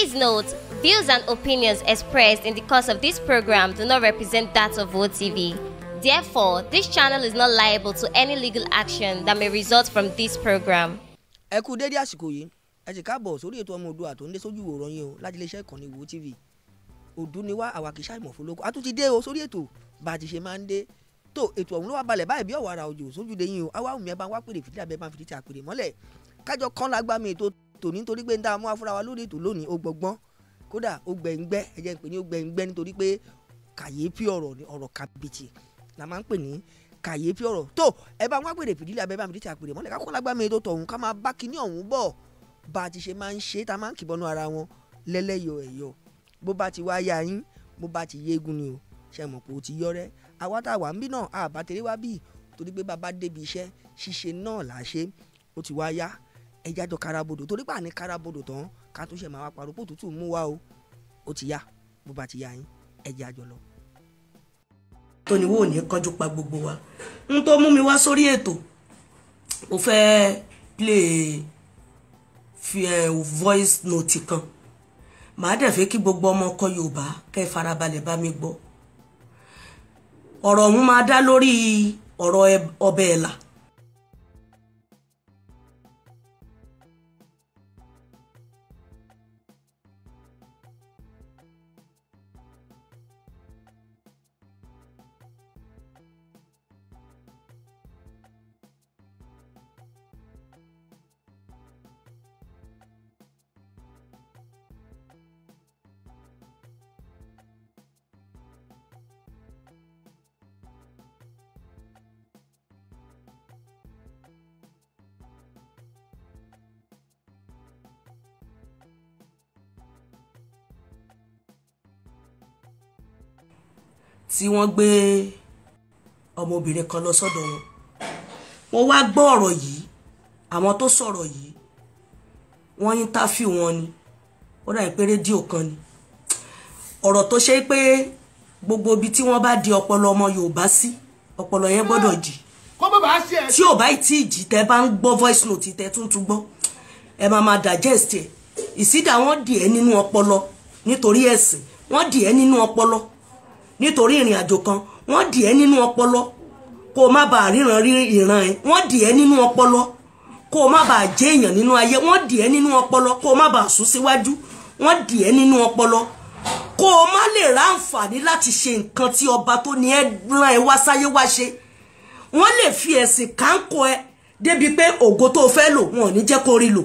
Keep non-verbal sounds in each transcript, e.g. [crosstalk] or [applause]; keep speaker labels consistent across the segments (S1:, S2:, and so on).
S1: Please note, views and opinions expressed in the course of this program do not represent that of OTV. Therefore, this channel is not liable to any legal action that may result from this program. Ẹ kú dédé àsìkò yìí, ẹ sì káàbọ̀ sórí ètò ọmọ Oòduà tó ń dé sójú ìwòran yín o láti iléeṣẹ́ ìkànnì Wo TV. Òdu ni wá àwa kìí ṣàìmọ̀ fọlọ́kọ́. A tún ti dé o sórí ètò bá a ti ṣe máa ń dé. Tó ètò ọ̀hún ló wá balẹ̀ báyìí bí ọ̀wọ́ ara òjò sójú de yín o. Àwa òmìnira bá wá pèrè fìdí àbẹ́ bá ń fìdí tí mọ́lẹ̀. Kájọ kán lágbá mi tó tòní nítorí pé ń dá mú afúra wa lórí ètò lónìí ó gbọgbọ́n kódà ó gbẹ̀ngbẹ́ ẹ ń pè ní ó gbẹ̀ngbẹ́ nítorí pé kàyéfì ọ̀rọ̀ ni ọ̀rọ̀ kàbìtì la máa ń pè ní kàyéfì ọ̀rọ̀ tó ẹ bá wá pèrè fìdílé abẹ́ bá mi títí àpèrè mọ́lẹ̀ ká kó lágbá mi tó tọ̀hún ká máa bá kinní ọ̀hún bọ̀ bá a ti ṣe máa ń ṣe tá a máa ń kìbọnú ara wọn lẹ́lẹ́yọ̀ ẹ̀yọ̀ bó bá ti ti wá yá ẹja jọ karabodò torí pé àní karabodò tán ká tó ṣe máa wá parọ́ pò tútù mú wa o ó ti yá bó ba ti yá yín ẹja jọ lọ. tóní wo ní kánjú pa gbogbo wa n
S2: tó mú mi wá sórí ètò mo fẹ́ play fi ẹ voice note kan màá dẹ̀ fẹ́ kí gbogbo ọmọ ọkọ Yorùbá kẹ́ ẹ farabalẹ̀ bá mi gbọ́
S3: ọ̀rọ̀ ọ̀hún máa dá lórí
S2: ọ̀rọ̀ ọbẹ̀ ẹ̀là. tí wọ́n gbé ọmọbìnrin kan lọ sọ́dọ̀ wọn mo wá gbọ́ ọ̀rọ̀ yìí àwọn tó sọ̀rọ̀ yìí wọ́n íńtáfíù wọn ni ó dà pé rédíò kan ni ọ̀rọ̀ tó ṣe pé gbogbo ibi tí wọ́n bá di ọpọlọ ọmọ Yorùbá sí ọpọlọ yẹn gbọ́dọ̀ jì tí ò bá tí ì jì tẹ́ bá ń gbọ́ voice note tẹ́ tún tún gbọ́ ẹ máa máa digest ẹ̀ ìsídà wọ́n dì ẹ́ nínú ọpọlọ nítorí ẹ̀sìn wọ́n dì ẹ́ nínú ọpọlọ nítorí ìrìn àjò kan wọ́n dì ẹ́ nínú ọpọlọ kó o má bàa ríran rí ìran ẹ̀ wọ́n dì ẹ́ nínú ọpọlọ kó o má bàa jẹ́ èèyàn nínú ayé wọ́n dì ẹ́ nínú ọpọlọ kó o má bàa sún síwájú wọ́n dì ẹ́ nínú ọpọlọ kó o má lè ráǹfààní láti ṣe nǹkan tí ọba tó ní ẹ rán ẹ wá sáyé wá ṣe wọ́n lè fi ẹ̀sìn kánkó ẹ débi pé ògo tó fẹ́ lò wọn ò ní jẹ́ kó rí lò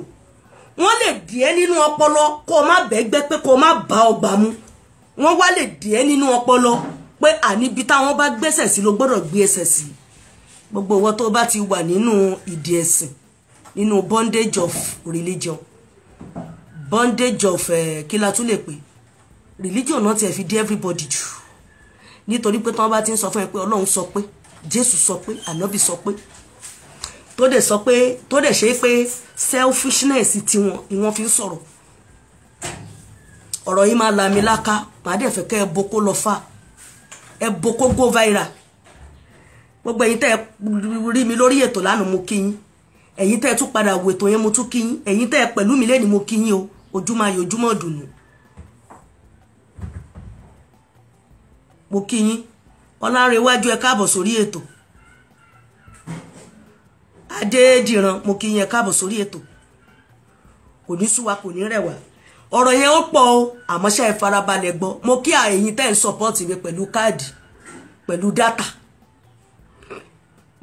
S2: wọ́n lè dì nínú ọpọlọ kó o má bẹ́gbẹ́ pé kó o má bá ọgbà mu wọ́n wá lè dìé nínú ọpọlọ pé àníbi táwọn bá gbẹ́sẹ̀ sí ló gbọ́dọ̀ gbé ẹsẹ̀ sí gbogbo owó tó bá ti wà nínú ìdí ẹ̀sìn nínú bondage of religion bondage of uh, kí la tún lè pè religion náà tiẹ̀ fi dé everybody jù nítorí pé tí wọ́n bá ti ń sọ fún ẹ pé ọlọ́run sọ pé jésù sọ pé ànábì sọ pé tó dẹ̀ sọ pé tó dẹ̀ ṣe pé selfishness tiwọn ni wọ́n fi ń sọ̀rọ̀ ọ̀rọ̀ yìí máa lami láka màá dẹ̀ kẹ́ ẹ boko lọ fa ẹ boko go viral gbogbo ẹ̀yin tẹ́ ẹ rí mi lórí ètò lánàá mo kí yín ẹ̀yin tẹ́ ẹ tún padà wo ètò yẹn mo tún kí yín ẹ̀yin tẹ́ ẹ pẹ̀lú mi lẹ́ni mo kí yín o ojúmọ́ ayọ̀ ojúmọ́ dùnú mo kí yín ọlárẹ̀wájú ẹ káàbọ̀ sórí ètò adédìran mo kí yín ẹ káàbọ̀ sórí ètò kò ní sú kò ní rẹ̀ ọ̀rọ̀ yẹn ó pọ̀ o àmọ́ ṣe ìfarabalẹ̀ gbọ́ mo kí ẹ̀yin tẹ́ ń support mi pẹ̀lú káàdì pẹ̀lú dátà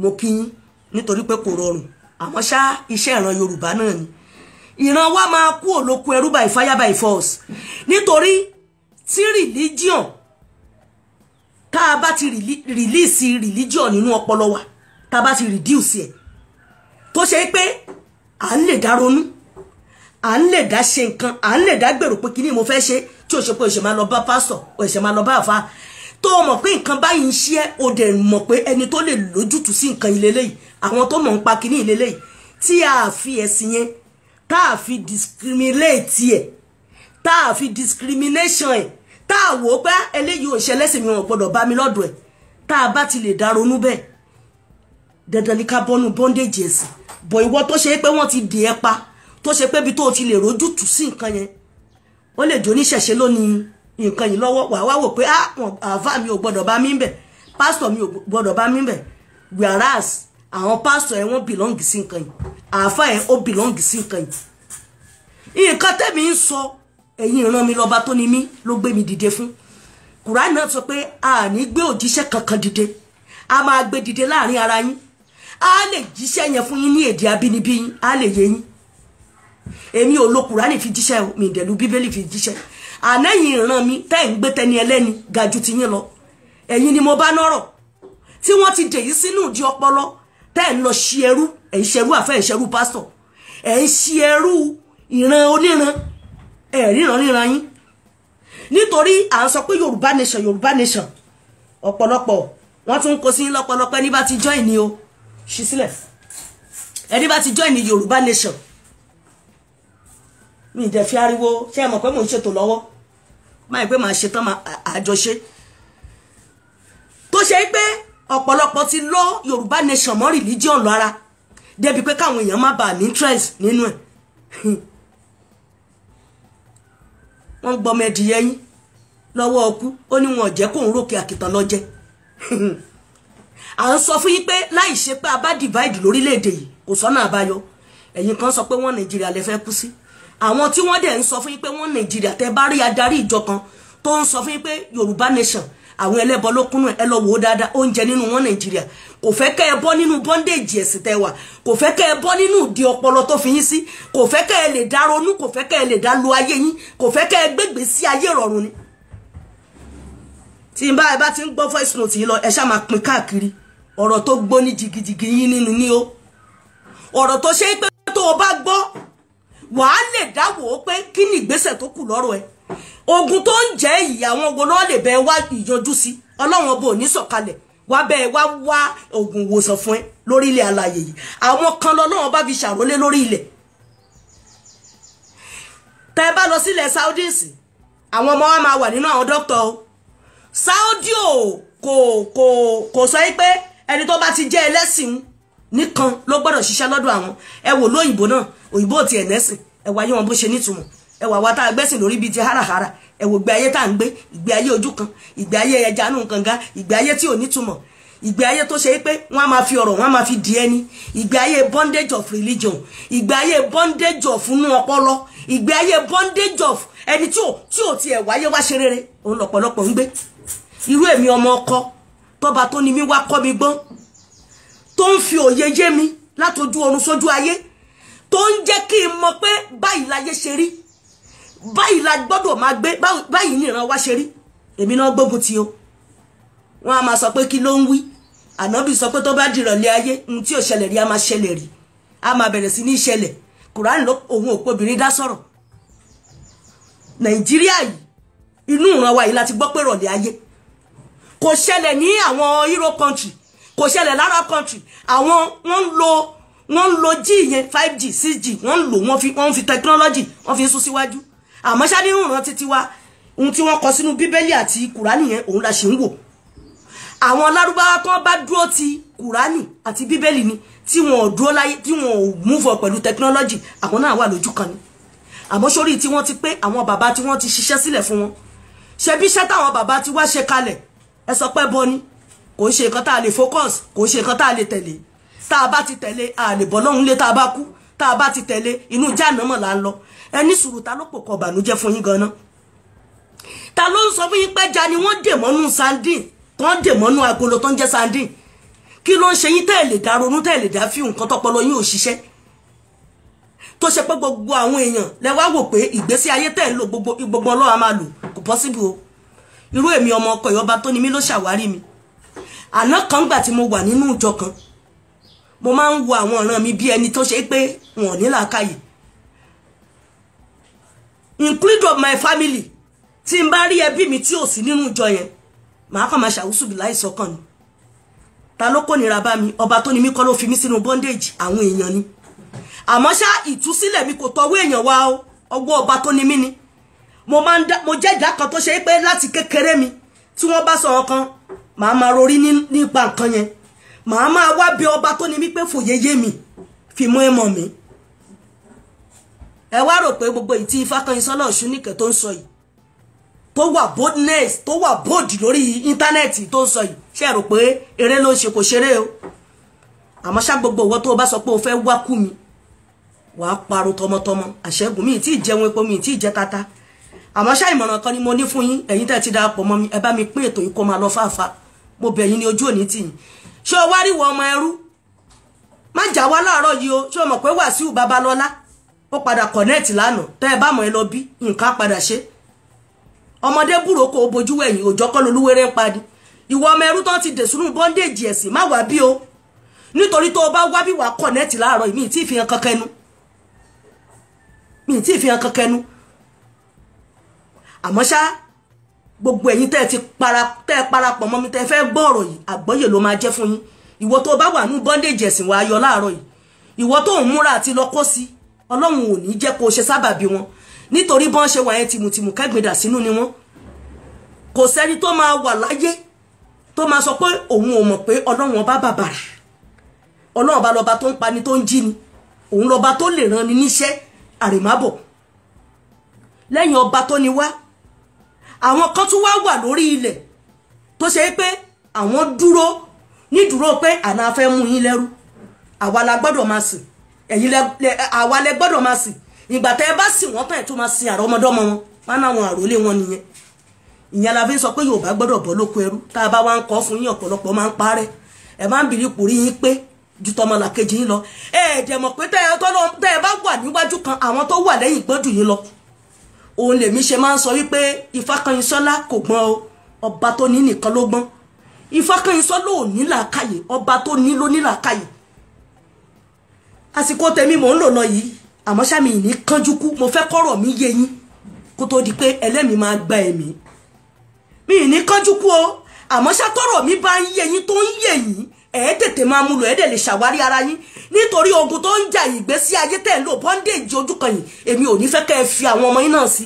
S2: mo kí yín nítorí pé kò rọrùn àmọ́ ṣá iṣẹ́ ìran Yorùbá náà ni ìran wa máa kú òlòkù ẹrú by fire by force nítorí tí religion tá a bá ti release religion nínú ọpọlọ wa tá a bá ti reduce ẹ̀ tó ṣe pé à ń lè dá ronú à ń lè dá ṣe nǹkan à ń lè dá gbèrò pé kíní mo fẹ́ ṣe tí o ṣe pé o ṣe máa lọ bá pásọ̀ o ṣe máa lọ bá àfa tó o mọ̀ pé nǹkan báyìí ń ṣe o dẹ̀ mọ̀ pé ẹni tó lè lójútùú sí nǹkan ilé lẹ́yìn àwọn tó mọ̀ ń pa kíní ilé lẹ́yìn tí a fi ẹ̀sìn yẹn tá a fi discriminate ẹ̀ tá a fi discrimination ẹ̀ tá a wò ó pé ah, eléyìí ò ṣe lẹ́sìn mi wọn gbọ́dọ̀ bá mi lọ́dọ̀ ẹ̀ tá a bá ti lè dá ronú bẹ́ẹ̀ dandan ni ká bọ́nu bondage ẹ̀sìn bọ̀ ìwọ tó ṣe é pé wọ́n ti dè ẹ́ pa tó ṣe pé bí tó ti lè rójútùú sí nǹkan yẹn wọ́n lè jó níṣẹ̀ṣe lónìí nǹkan yìí lọ́wọ́ wà wá wò pé ah, àáfà mi ò gbọ́dọ̀ bá mi ń bẹ̀ pásítọ̀ mi ò gbọ́dọ̀ bá mi ń bẹ̀ whereas àwọn pásítọ̀ ẹ̀ wọ́n belong sí nǹkan yìí àáfà ẹ̀ ó belong sí nǹkan yìí nǹkan tẹ́mi ń sọ ẹ̀yin ìran mi lọ́ba tó ni mí ló gbé mi dìde fún kùránì náà sọ pé a ní gbé òjíṣẹ́ kankan dìde a máa gbé dìde láàrin ara yín a lè jíṣẹ́ yẹn fún yín ní èdè abínibí yín a lè yé yín èmi ò lo kùránì fi jíṣẹ́ o mi ìdẹ̀lú bíbélì fi jíṣẹ́ ànẹ́yìn ìran mi tẹ́ ń gbé tẹni ẹlẹ́ni ga ju tiyín lọ ẹ̀yin ni mo bá nọ́rọ̀ tí wọ́n ti dèyí sínú ìdí ọpọlọ tẹ́ ń lọ ṣi ẹrú ẹ̀ ń ṣerú àfẹ́ ń ṣerú pásítọ̀ ẹ̀ ń ṣi ẹrú ìran oníran ẹ̀ ríran ríran yín nítorí à ń sọ pé yorùbá nation yorùbá nation ọ̀pọ̀lọpọ̀ wọ́n tún kó sí lọ́pọ̀lọpọ̀ ẹni bá ti join ni o ṣí sílẹ̀ ẹni bá ti join ni yorùbá nation mi dẹ̀ fi ariwo ṣé ẹ mọ̀ pé mò ń ṣètò lọ́wọ́ máa pé màá ṣetán àjọṣe tó ṣe pé ọ̀pọ̀lọpọ̀ ti lọ Yorùbá nation mọ́ religion lọ débi pé káwọn èèyàn má bàa ní interest nínú ẹ̀ [laughs] wọ́n gbọ́mọ ẹdìyẹ yín lọ́wọ́ ọkú ó ní wọn jẹ́ kóun rókè àkìtàn lọ jẹ [laughs] à ń sọ fún yín pé láì ṣe pé a bá divide lórílẹ̀‐èdè yìí kò sọ́nà àbáyọ ẹ̀yin kan sọ pé wọ́n Nàìjíríà lè fẹ́ kú sí àwọn tí wọ́n dẹ̀ ń sọ fún yín pé wọ́n nàìjíríà tẹ́ bá rí adarí ìjọ kan tó ń sọ fún yín pé yorùbá nation àwọn ẹlẹ́bọ ló kúnnú ẹ lọ wò ó dáadáa oúnjẹ nínú wọn nàìjíríà kò fẹ́ kẹ́ ẹ bọ́ nínú bondage ẹ̀sìn tẹ́ wà kò fẹ́ kẹ́ ẹ bọ́ nínú ìdí ọpọlọ tó fi yín sí kò fẹ́ kẹ́ ẹ lè dá ronú kò fẹ́ kẹ́ ẹ lè dá lo ayé yín kò fẹ́ kẹ́ ẹ gbégbé sí ayé ìrọ̀rùn ni. tí n bá ẹ bá ti ń gbọ́ voice note yìí lọ ẹ ṣáà máa pín káàkiri ọ̀rọ̀ tó gbóní jigijigi yín nínú ni ó ọ̀rọ̀ tó ṣe é pé tó o bá gbọ́ wàá lè dáwò pé kí ni ìgbésẹ̀ tó kù lọ́rọ̀ ẹ ogun tó ń jẹ́ ìyá àwọn ogun náà lè bẹ́ẹ̀ wá ìyanjú sí ọlọ́run ọba ò ní sọ̀kalẹ̀ wá bẹ́ẹ̀ wá wá ogun ìwòsàn fún ẹ lórí ilẹ̀ alàyè yìí àwọn kan lọ́lọ́run bá fi ṣàrólé lórí ilẹ̀ tẹ́ bá lọ sílẹ̀ Saudi àwọn ọmọ wa máa wà nínú àwọn dókítà o Saudi ò kò kò kò sọ pé ẹni tó bá ti jẹ́ ẹlẹ́sìn nìkan ló gbọ́dọ̀ ṣiṣẹ́ lọ́dọ̀ àwọn ẹ wò lóyìnbó náà òyìnbó ti ẹ̀ nẹ́sìn ẹ wà yí wọn bó ṣe nítumọ̀ ẹ wà wá tá a gbẹ́sìn lórí bíi ti háràhárà ẹ wò ìgbé ayé tá à ń gbé ìgbé ayé ojú kan ìgbé ayé ẹja nù kànga ìgbé ayé tí ò nítumọ̀ ìgbé ayé tó ṣe é pé wọ́n á máa fi ọ̀rọ̀ wọ́n á máa fi di ẹni ìgbé ayé bondage of religion ìgbé ayé bondage of inú ọpọlọ ìgbé ayé bondage of ẹni tí ò tí ò tiẹ̀ wáyé wá ṣe rere òun lọ́pọ̀lọpọ̀ ń gbé irú èmi ọmọ ọkọ tọba tó ni mí wá kọ́ mi gbọ́n tó ń fi òye yé mi látojú ọ̀run sójú ayé tó ń jẹ́ kí n mọ̀ pé báyìí láyé ṣe rí báyìí la gbọ́dọ̀ máa gbé báyìí níran wá ṣe rí èmi náà gbógun ti o wọn a máa sọ pé kí ló ń wí ànábì sọ pé tó bá dìrọ̀lẹ́ ayé ohun tí ò ṣẹlẹ̀ rí a máa ṣẹlẹ̀ rí a máa bẹ̀rẹ̀ sí ní ṣẹlẹ̀ kùránì ló òun òpó obìnrin dá sọ̀rọ̀ nàìjíríà yìí inú ìran wa yìí láti gbọ́ pé rọ̀lẹ́ ayé kò ṣẹlẹ̀ ní àwọn Euro country kò ṣẹlẹ̀ lára country àwọn wọ́n ń lo wọ́n ń lo g yẹn five g six g wọ́n ń lò wọ́n fi wọ́n fi technology wọ́n fi sún síwájú àmọ́ ṣáà ní ìrùnà títí wa ohun tí wọ́n kọ sínú bíbélì àti kùránì yẹn òun la ṣì ń wò àwọn lárúbáwá kan bá dúró ti kùránì àti bíbélì ni tí wọn ò dúró láyé tí wọn ò move on pẹ̀lú technology àwọn náà wà lójú kan ni àmọ́ sórí tí wọ́n ti pé àwọn bàbá tí wọ́n ti ṣiṣẹ́ sílẹ̀ fún wọn ṣebí iṣẹ́ táwọn bàbá ti wá ṣe kalẹ̀ ẹ sọ pé bọ́ ni kò ṣe nǹkan tá a lè focus kò ṣe nǹkan tá a lè tẹ̀lé tá a bá ti tẹ̀lé a lè bọ́ lọ́hún lé tá a bá kú tá a bá ti tẹ̀lé inú jahannama là ń lọ ẹni sùúrù ta ló pò kọ ìbànújẹ́ fún yín ganan ta ló ń sọ fún yín pé ja ni wọ́n dè mọ́nú sandin tán dè mọ́nú agolo tó ń jẹ́ sandin kí ló ń ṣe yín tẹ́ẹ̀lẹ̀ dá ronú tẹ́ẹ̀lẹ̀ dá fi nǹkan tọpọlọ yín ò ṣiṣẹ́ tó ṣe pé gbogbo àwọn èèyàn lẹ wá wò pé ìgbésí ayé tẹ̀ ń lò gbogbo ọlọ́wà máa lò kò possible o irú èmi ọmọ ọkọ ìyọba tó ni mí ló ṣàwárí mi àná kan gbà tí mo wà nínú ìjọ kan mo máa ń wo àwọn ọ̀ràn mi bí ẹni tó ṣe pé wọn ò ní làákàyè include of my family tí n bá rí ẹbí mi tí ò sí nínú ìjọ yẹn màá kàn máa ṣàwùsù bí láì sọkàn ni ta ló kò nira bá mi ọba tó ni mí kọ́ ló fi mí sínú bondage àwọn èèyàn ni àmọ́ ṣá ìtúsílẹ̀ mi kò tọwọ́ èèyàn wá o ọgbọ́n ọba tó ni mí ni mo jẹ́ ìdá kan tó ṣe pé láti kékeré mi tí wọ́n bá sọ ọkàn màá máa rorí nípa nǹkan yẹn màá máa wá bí ọba tó ní wípé fòye yé mi fi mọ́ ẹ mọ̀ mí ẹ wá rò pé gbogbo ìtí Ifákànmísọ́lá Ọ̀ṣúnìkẹ́ tó ń sọ yìí tó wà boldness tó wà bold lórí íńtánẹ́ẹ̀tì tó ń sọ yìí ṣe rò pé eré ló ń ṣe kò ṣeré o àmọ́ ṣá gbogbo ìwọ tó o bá sọ pé o fẹ́ wá kú mi wàá parọ́ tọmọtọmọ àṣẹ́gun mi ì tí ì jẹun epo mi ì tí ì jẹ tata àmọ́ ṣá ìmọ̀ràn kan ni mo ní fún yín ẹ̀yin tẹ́ ti darapọ̀ mọ́ mi ẹ bá mi pín ètò yìí kó máa lọ fáfá mo bẹ̀ yín ní ojú òní tì yín ṣé o wá rí wọ ọmọ ẹrú má jà wá láàárọ̀ yìí o ṣé o mọ̀ pé Wàsíù Babalọ́lá ó padà connect lánàá tẹ́ ẹ bá mọ̀ ẹ lọ bí nǹkan padà ṣe ọmọdé búroko bojú ẹ̀yìn òjọ́ kọ́ lolúwere ń padi ìwọ ọmọ ẹrú tán ti dè sínú bondage ẹ̀sìn má wá bí o nítorí tó o bá wá bí wàá connect láàárọ̀ mi ì tí ì fi hàn kankan àmọ́ ṣá gbogbo ẹ̀yin tẹ́ ẹ ti para tẹ́ ẹ parapọ̀ mọ́ mi tẹ́ ẹ fẹ́ gbọ́ ọ̀rọ̀ yìí àgbọ́yè ló máa jẹ́ fún yín ìwọ tó bá wà ní bondage ẹ̀sìn wa ayọ̀ láàárọ̀ yìí ìwọ tó ń múra àti lọ kó sí ọlọ́run ò ní jẹ́ kó ṣe sábàbí wọn nítorí bọ́n ṣe wà yẹn tìmùtìmù kẹ́gbìndà sínú ni wọ́n kò sẹ́ni tó máa wà láyé tó máa sọ pé òun ò mọ̀ pé ọlọ́run ọba bàbàrà ọlọ́run ọba lọba tó ń pani tó ń jí ni òun lọba tó lè ran ni níṣẹ́ àrèmábọ̀ lẹ́yìn ọba tó ni wá àwọn kan tún wá wà lórí ilẹ̀ tó ṣe pé àwọn dúró nídúró pé àná afẹ́ mú yín lẹ́rú àwa la gbọ́dọ̀ máa sìn ẹ̀yin lẹ àwa lẹ gbọ́dọ̀ máa sìn ìgbà tẹ́ ẹ bá sìn wọ́n tán ẹ̀ tó máa sin àrọ́mọdọ́mọ wọn wọn náà wọn àròlé wọn nìyẹn ìyẹn la fi ń sọ pé Yorùbá gbọ́dọ̀ bọ́ lóko ẹrú tá a bá wá ń kọ́ fún yín ọ̀pọ̀lọpọ̀ máa ń parẹ́ ẹ máa ń bìrì pòrí yín pé ju tọmọlà yín lọ ẹ ẹ̀ dẹ̀ mọ̀ pé tẹ́ ẹ bá wà níwájú kan àwọn tó wà lẹ́yìn gbọ́dù yín lọ òun lèmi ṣe máa ń sọ wípé Ifákànyinsọ́lá kò gbọ́n o ọba tó ní nìkan ló gbọ́n Ifákànyinsọ́lá ò ní làákàyè ọba tó ní ló ní làákàyè àsìkò tèmi mò ń lò lọ yìí àmọ́ sámi ìní kánjú kú mo fẹ́ kọ́rọ̀ mi yé yín kó tó di pé ẹlẹ́mìí máa gba ẹ̀mí mi ìní kánjú kú o àmọ́ sátọ́rọ̀ mi bá ń yé yín tó ń yé yín ẹ tètè máa mú lò ẹ dẹ̀ lè ṣàwárí ara yín nítorí ogun tó ń jà ìgbésí ayé tẹ̀ ń lò bondage ojú kan yìí èmi ò ní fẹ́ kẹ́ ẹ fi àwọn ọmọ yín náà sí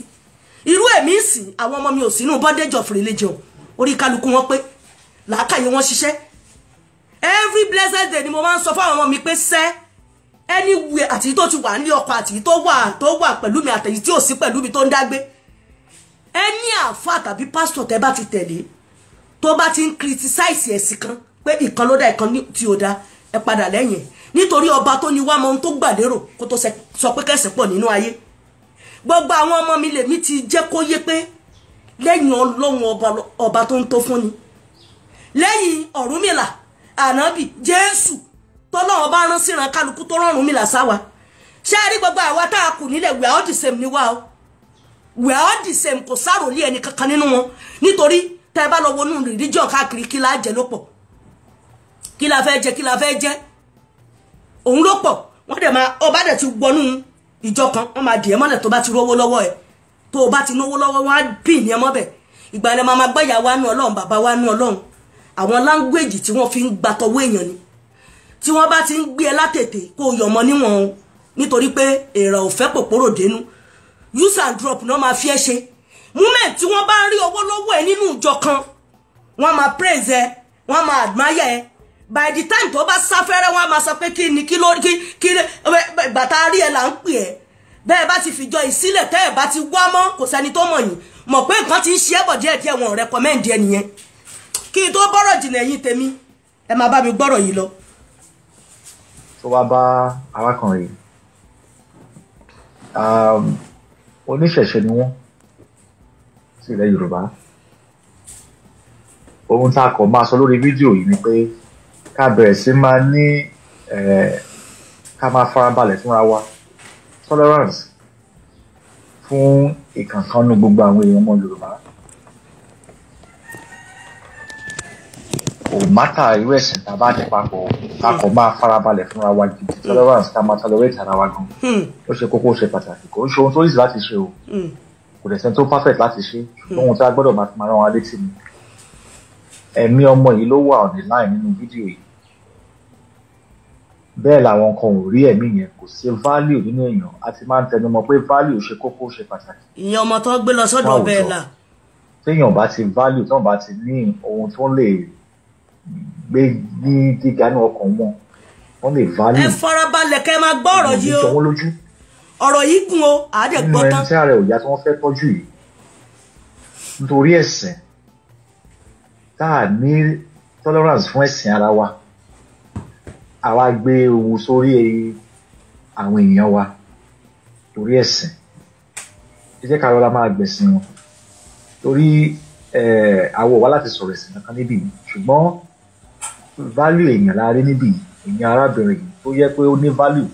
S2: irú èmi ń àwọn ọmọ mi ò sínú bondage of religion orí kálukú wọn pé làákàyè wọn ṣiṣẹ́ every blessed day ni mo máa ń sọ fún àwọn ọmọ mi pé sẹ́ anywhere àti tó ti wà ní ọkọ àti tó wà tó wà pẹ̀lú mi àtẹ̀yí tí ò sí pẹ̀lú mi tó ń dágbé ẹni àfa tàbí pásítọ̀ tẹ́ bá ti tẹ̀lé tó bá ti ń criticize ẹ̀sìn kan pé ìkan ló dá ìkan tí ò dá ẹ padà lẹ́yìn nítorí ọba tó ní wá mọ ohun tó gbà lérò kó tó sọ pé kẹsì pọ̀ nínú ayé gbogbo àwọn ọmọ mi lèmi ti jẹ́ kó yé pé lẹ́yìn ọlọ́run ọba tó ń tó fún ni lẹ́yìn ọ̀rúnmìlà ànábì jésù tọ́lọ́run bá rán síran kálukú tó rán ọ̀rúnmìlà sáwa ṣé a rí gbogbo àwa tá a kù nílẹ̀ we are all ni wá o we are all the same kò sáròlé ẹnì kankan nínú wọn nítorí tẹ́ bá lọ wọnú religion káàkiri kí láàjẹ́ ló pọ̀ kí la fẹ́ jẹ kí la fẹ́ jẹ òun ló pọ̀ wọ́n dẹ̀ máa ọba dẹ̀ ti gbọ́nú ìjọ kan wọ́n máa dì ẹ́ mọ́lẹ̀ tó bá ti rówó lọ́wọ́ ẹ̀ tó o bá ti náwó lọ́wọ́ wọn á bì ní ẹ mọ́bẹ̀ ìgbà ni màmá gbọ́yà wánú ọlọ́run bàbá wánú ọlọ́run àwọn láńgbèjì tí wọ́n fi ń gbatọwọ́ èèyàn ni tí wọ́n bá ti ń gbé ẹ látètè kó o yọ̀mọ níwọ̀n o nítorí pé èrò ò fẹ́ pòpòrò dénú use and drop náà máa fi ẹ́ ṣe moment tí wọ́n bá ń rí owó lọ́wọ́ ẹ nínú ìjọ kan wọ́n máa praise ẹ wọ́n máa admire ẹ by the time tó bá sáfẹ́rẹ́ wọn a máa sọ pé kí ni kí ló kí kí bàtà rí ẹ là ń pè ẹ́ bẹ́ẹ̀ bá ti fìjọ ìsílẹ̀ tẹ́ ẹ̀ bá ti wá mọ́ kò sẹ́ni tó mọ̀ yín mọ̀ pé nǹkan ti ń ṣe é bọ̀ díẹ̀díẹ̀ wọn ò rẹ́kọ̀mẹ́ǹdì ẹ nìyẹn kí n tó bọ́rọ̀ jìnà ẹ̀yìn tèmi ẹ máa bá mi gbọ́rọ̀ yìí lọ.
S3: tó bá bá arákùnrin um, oníṣẹ̀ṣẹ̀ ni wọ́n sílẹ̀ yorùbá ohun tá a kọ̀ máa sọ lórí fídíò yìí ni pé ká bẹ̀rẹ̀ sí máa ní ká máa farabalẹ̀ fúnra wa tolerance fún ìkànkánnú gbogbo àwọn èèyàn ọmọ Yorùbá kò mátà irú ẹ̀sìn tá a bá ti papọ̀ a kò máa farabalẹ̀ fúnra wa gidi hmm. tolerance ká máa tolerate ara wa gan hmm. ó ṣe kókó ṣe pàtàkì kò ń ṣe ohun tó easy láti ṣe o hmm. kò dẹ̀ sẹ́ni tó perfect láti ṣe ohun tí a gbọ́dọ̀ máa fi máa rán wa létí ni ẹ̀mí ọmọ yìí ló wà on the nínú fídíò yìí bẹ́ẹ̀ làwọn kan ò rí ẹ̀mí yẹn kò sí value nínú èèyàn a ti máa ń tẹnumọ́ pé value ṣe kókó ṣe pàtàkì.
S2: ìyẹn ọmọ tó gbé lọ sọ́dọ̀ bẹ́ẹ̀ là.
S3: téèyàn bá ti value téèyàn bá ti ní ohun tó lè gbé ní gíga ní ọkàn wọn wọn lè value. ẹ
S2: farabalẹ̀ kẹ́ ẹ máa gbọ́ ọ̀rọ̀ yìí o ọ̀rọ̀ yìí gùn o
S3: àádẹ́ gbọ́ tán. nínú ẹni tí ààrẹ òyà tí wọ́n fẹ́ tọ́jú yìí nítorí ẹ̀sìn tá a ní tolerance fún ẹ̀sìn ara wa àwa gbé owó sórí àwọn èèyàn wa torí ẹ̀sìn ẹ jẹ́ ká lọ́la máa gbẹ̀sìn wọn torí àwọ̀ wa láti sọ̀rọ̀ ẹ̀sìn kankan níbí ṣùgbọ́n value èèyàn la rí níbí èèyàn arábìnrin tó yẹ pé ó ní value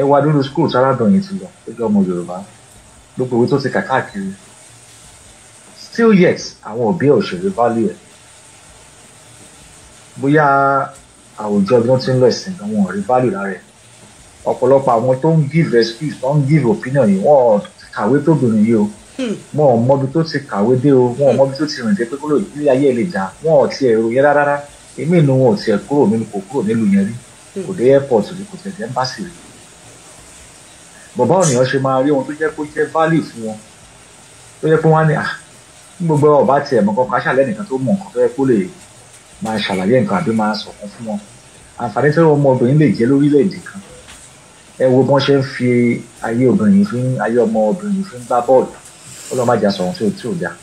S3: ẹ wá nínú school tí arábìnrin ti lọ tó jẹ́ ọmọ Yorùbá gbogbo ìwé tó ti kà káàkiri still yet àwọn òbí ẹ̀ ò ṣèlú value ẹ̀ bóyá àwùjọ ibi wọ́n ti ń lọ ẹ̀sìn gan wọn ò rí value lára ẹ̀ ọ̀pọ̀lọpọ̀ àwọn tó ń give excuse tó ń give opinion yìí wọ́n kàwé tó bìnrin yìí o hmm. wọn ò mọbi tó ti kàwé dé o wọn ò mọbi tó ti rìn dé pé kúrò ní ayé ẹ̀ lè jà wọn ò tiẹ̀ ro yẹn rárá èmi inú wọn ò tiẹ̀ kúrò nínú kò kúrò nílùú yẹn rí hmm. kò dé airport rí kò tẹ̀lé embassy rí bàbá ònìyàn ṣe máa rí ohun tó jẹ́ kó jẹ́ value fún wọn tó jẹ́ pé wọ́n á ní à ah, ní gbogbo ọba tiẹ̀ mọ̀ kọ́kọ́ aṣáálẹ̀ nìkan tó mọ̀ nǹkan tó yẹ kó lè máa ṣàlàyé nǹkan àbí máa sọ̀kan fún wọn àǹfààní tí ọmọbìnrin lè jẹ́ lórílẹ̀‐èdè kan ẹ wo bọ́n ṣe ń fi ayé obìnrin fi ń ayé ọmọbìnrin fi ń gbá bọ́ọ̀lù ọlọ́run má jà sọ̀rọ̀ tí ò tí ò dáa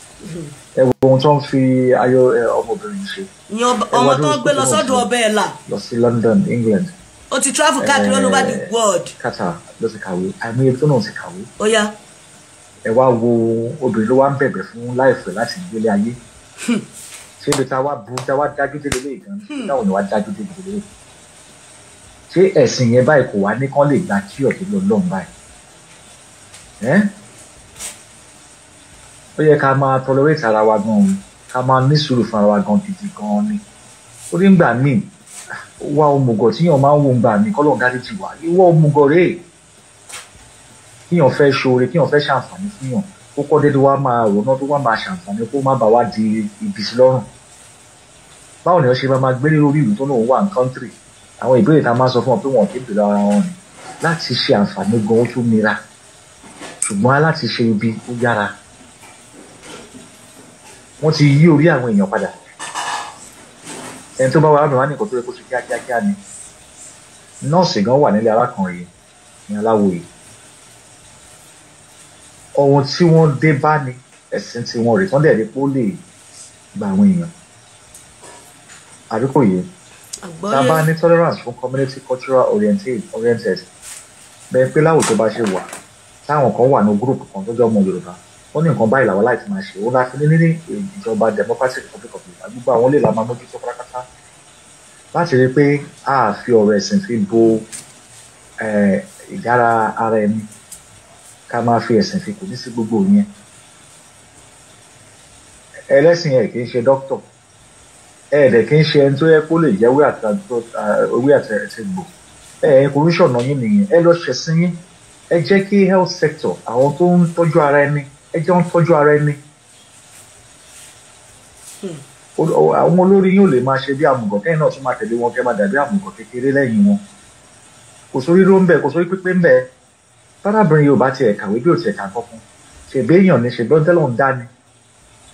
S3: ẹ wo ohun tó ń fi ayé ọmọbìnrin ṣe. ìyẹn ọmọ tó ń gbé lọ sọ́dọ̀ ọbẹ̀ ẹ̀ là. lọ sí London England.
S2: ó ti travel káàkiri all over the world.
S3: Qatar ló ti kàwé àmì ibi tó náà ti kàwé. ó yá. ẹ wá wo obìnrin ló wá ń bẹ̀bẹ̀ fún láìfẹ́ láti gbélé ayé. Hmm níbi tá a wá bu tá a wá dájú délé lé ìgbà hmm. táwọn ni wá dájú délé lé ṣé ẹ̀sìn yẹn báyìí kò wá ní kán lè gba kí ọ̀dọ́ lọ lọ́n báyìí ẹ́ ó yẹ ká máa tolerate ara wa gan o ká máa ní sùúrù fún ara wa gan gidi gan ni ó ní gbà míì wá òmùgọ̀ tíyàn máa ń wo gbà mí kọ́lọ́ọ̀ dájú ti wà ìwọ òmùgọ̀ rèé kíyàn fẹ́ ṣoore kíyàn fẹ́ ṣàǹfààní fúnyàn kó kọ́ dédé wá máa ròná tó wá máa ṣàǹfààní kó má bàa wá di ibi sí lọ́rùn báwo ni wọ́n ṣe máa máa gbélé lórí ìlú tó náà wà ní kọ́ńtírì àwọn ìbéèrè tá a máa sọ fún wọn pé wọn kì í bèrè ara wọn ni láti ṣe àǹfààní gan ó tún nira ṣùgbọ́n láti ṣe ibi ó yára wọ́n ti yí orí àwọn èèyàn padà ẹni tó bá wà lọ́dún wá ní nǹkan tó yẹ kó ṣe kíákíákíá ni nọ́ọ̀sì gan wà nílé arákùnrin ní aláwòye ohun tí wọ́n dé bá ní ẹ̀sìn tí wọ́n rè tán dẹ̀ rí pé gba àwọn èèyàn àbí kò yé tá a bá ní tolerance fún community cultural oriented bẹ́ẹ̀ pé láwùjọ bá ṣe wà táwọn kan wà ní gúrùpù kan tó jẹ́ ọmọ Yorùbá wọ́n ní nǹkan báyìí làwọn láì ti máa ṣe òun láti ní ní ìjọba democratic republic of Yorùbá gbogbo àwọn lè la máa mójútó pátápátá láti rí i pé a fi ọ̀rọ̀ ẹ̀sìn fi bo ìyára ara ẹni ká máa fi ẹ̀sìn fi kò ní sí gbogbo yẹn ẹlẹ́sìn yẹn kì í ṣe dókítọ̀ ẹ̀ẹ́dẹ̀ kì í ṣe ẹni tó yẹ kó lè jẹ́ owó àtẹ̀gbò ẹ̀ẹ́ oríṣọ̀nà yín nìyẹn ẹ lọ ṣẹ̀sìn yín ẹ jẹ́ kí health sector àwọn tó ń tọ́jú ara ẹni ẹ jẹ́ wọ́n tọ́jú ara ẹni. Hmm. àwọn olórí yín ò lè máa ṣe bí àmùgọ̀ kẹ́yìn náà tún máa tẹ̀lé wọn kẹ́ máa dàbí àmùgọ̀ kékeré lẹ́yìn wọn kò sórí ró ń bẹ kò sórí pípé ń bẹ fárábìnrin yóò bá tiẹ̀ kàwé bí ò tiẹ̀ kà kankan ṣèbéèyàn ni ṣèbéèyàn tẹ́lọ̀ ń dá ni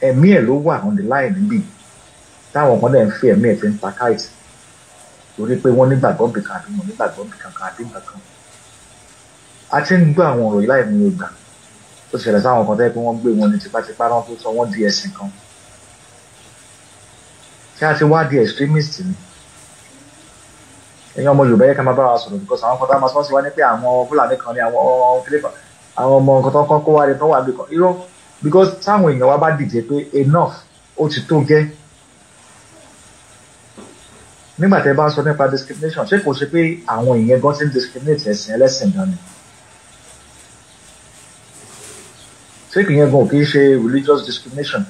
S3: ẹ̀mí ẹ̀ ló wà on the line níbí yìí táwọn ọmọdé ń fi ẹ̀mí ẹ̀fẹ́ ń pa káìtì torí pé wọ́n nígbàgbọ́ bì kan àbí wọn nígbàgbọ́ bì kankan àbí nǹkan a ti ń gbọ́ àwọn ọ̀rọ̀ yìí láì mú un ó ṣẹlẹ̀ sáwọn kan tẹ́ pé wọ́n gbé wọn ní tipátipá náà tó sọ wọ́n di ẹ̀sìn kan kí a ti wá di extremist ni ẹ̀yin ọmọ Yorùbá yẹ ká máa bá wa sọ̀rọ̀ because àwọn kan máa sọ́ọ́ sí wa ní pé àwọn Fúlàní kan ní àwọn àwọn ọmọ nǹkan tó kọ́ kó wá lè tán wà bí irọ́ because táwọn èèyàn wa bá dìde pé enough ó ti tó gẹ́ nígbà tẹ́ bá ń sọ nípa discrimination ṣé kò ṣe pé àwọn èèyàn gan ti ń discriminate ẹ̀sìn ẹlẹ́sìn gan ni ṣé kì í yẹn gan ò kì í ṣe religious discrimination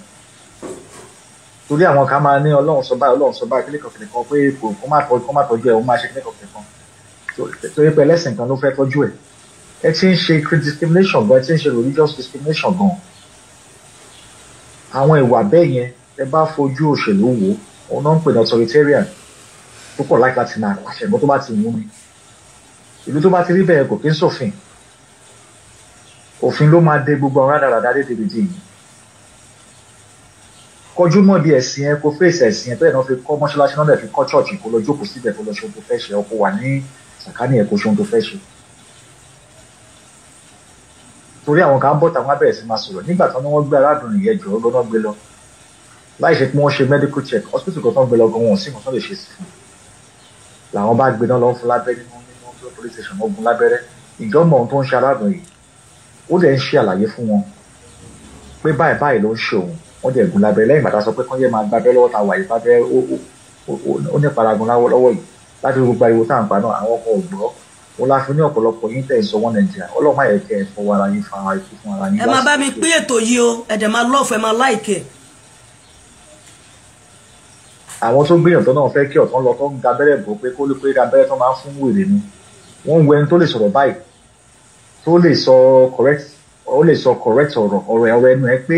S3: torí àwọn kan máa ní ọlọ́run sọ báyìí ọlọ́run sọ báyìí kílíkọ̀ kílíkọ̀ pé kò kó má tọ́jú kó má tọ́jú ẹ̀ ó má ṣe kílíkọ̀ kílíkọ̀ torí pé ẹlẹ́sìn kan ló fẹ́ tọ́jú ẹ̀ ẹ ti ń ṣe discrimination gan ẹ ti ń ṣe religious discrimination gan àwọn ìwà bẹ́ẹ̀ yẹn ẹ bá fojú òṣèlú wò ó náà ń pè ní authoritarian tó kọ̀ láti láti máa pàṣẹ ìbọn tó bá ti wù mí ìlú tó bá ti rí bẹ́ẹ̀ kò kí ń ṣòfin òfin ló máa dé gbogbo àwọn rádaràdá dédédédé yìí kọjú mọ́ bí ẹ̀sìn ẹ kó fèsì ẹ̀sìn ẹ bẹ́ẹ̀ náà fi kọ́ mọ́ṣáláṣí náà bẹ́ẹ̀ fi kọ́ chọ́ọ̀chì kó lọ jókòó síbẹ̀ kó lọ ṣe ohun tó fẹ́ ṣe ọ kó wà ní sàkání ẹ kó ṣe ohun tó fẹ́ ṣe torí àwọn kan bọ̀ táwọn abẹ́rẹ́ sí máa sọ̀rọ̀ nígbà tí wọ́n gbé arábìnrin yẹn jọ lọ́nà gbé lọ láì ṣe pé wọ́n ṣe medical check hospital kan tó gbé lọ gan wọn sí nǹkan tó lè ṣe sí i làwọn bá gbiná lọ fún lábẹ́rẹ́ wọn ní wọn fún police station wọn gun lábẹ́rẹ́ ìjọba ohun tó ń ṣe aráàlú yìí ó dẹ̀ ń ṣe àlàyé fún wọn pé báyìí báyìí ló ń ṣe òun wọn dẹ̀ gun lábẹ́rẹ́ lẹ́yìn bàtà sọ pé kán yẹ máa gbabẹ́ lọ́wọ́ ta wà yìí bábẹ́ ó ní paragun lọ́wọ́ yìí láti gbogbo ariwo tá à ń pa àwọn ọkọ̀ ògbọ́ wọn la fi ní ọ̀pọ̀lọpọ̀ yín tẹ̀ sọ wọn nàìjíríà ọlọ́mọ ayẹ̀kẹ́ fọwọ́ ara yín fa ara yín. ẹ máa bá mi pín
S2: ètò yìí o ẹ̀dẹ̀ máa lọ́ọ̀fù máa láìkẹ́
S3: àwọn tó gbìyànjú náà fẹ́ kí ọ̀tán lọ tó ń dabẹ́rẹ́ bò pé kó ló pé abẹ́rẹ́ tó máa ń fún wèrè ni wọ́n ń wẹ ẹni tó lè sọ̀rọ̀ báyìí tó lè sọ correct ó lè sọ correct ọ̀rọ̀ ọ̀rọ̀ ẹ̀rọ ẹnu ẹ pé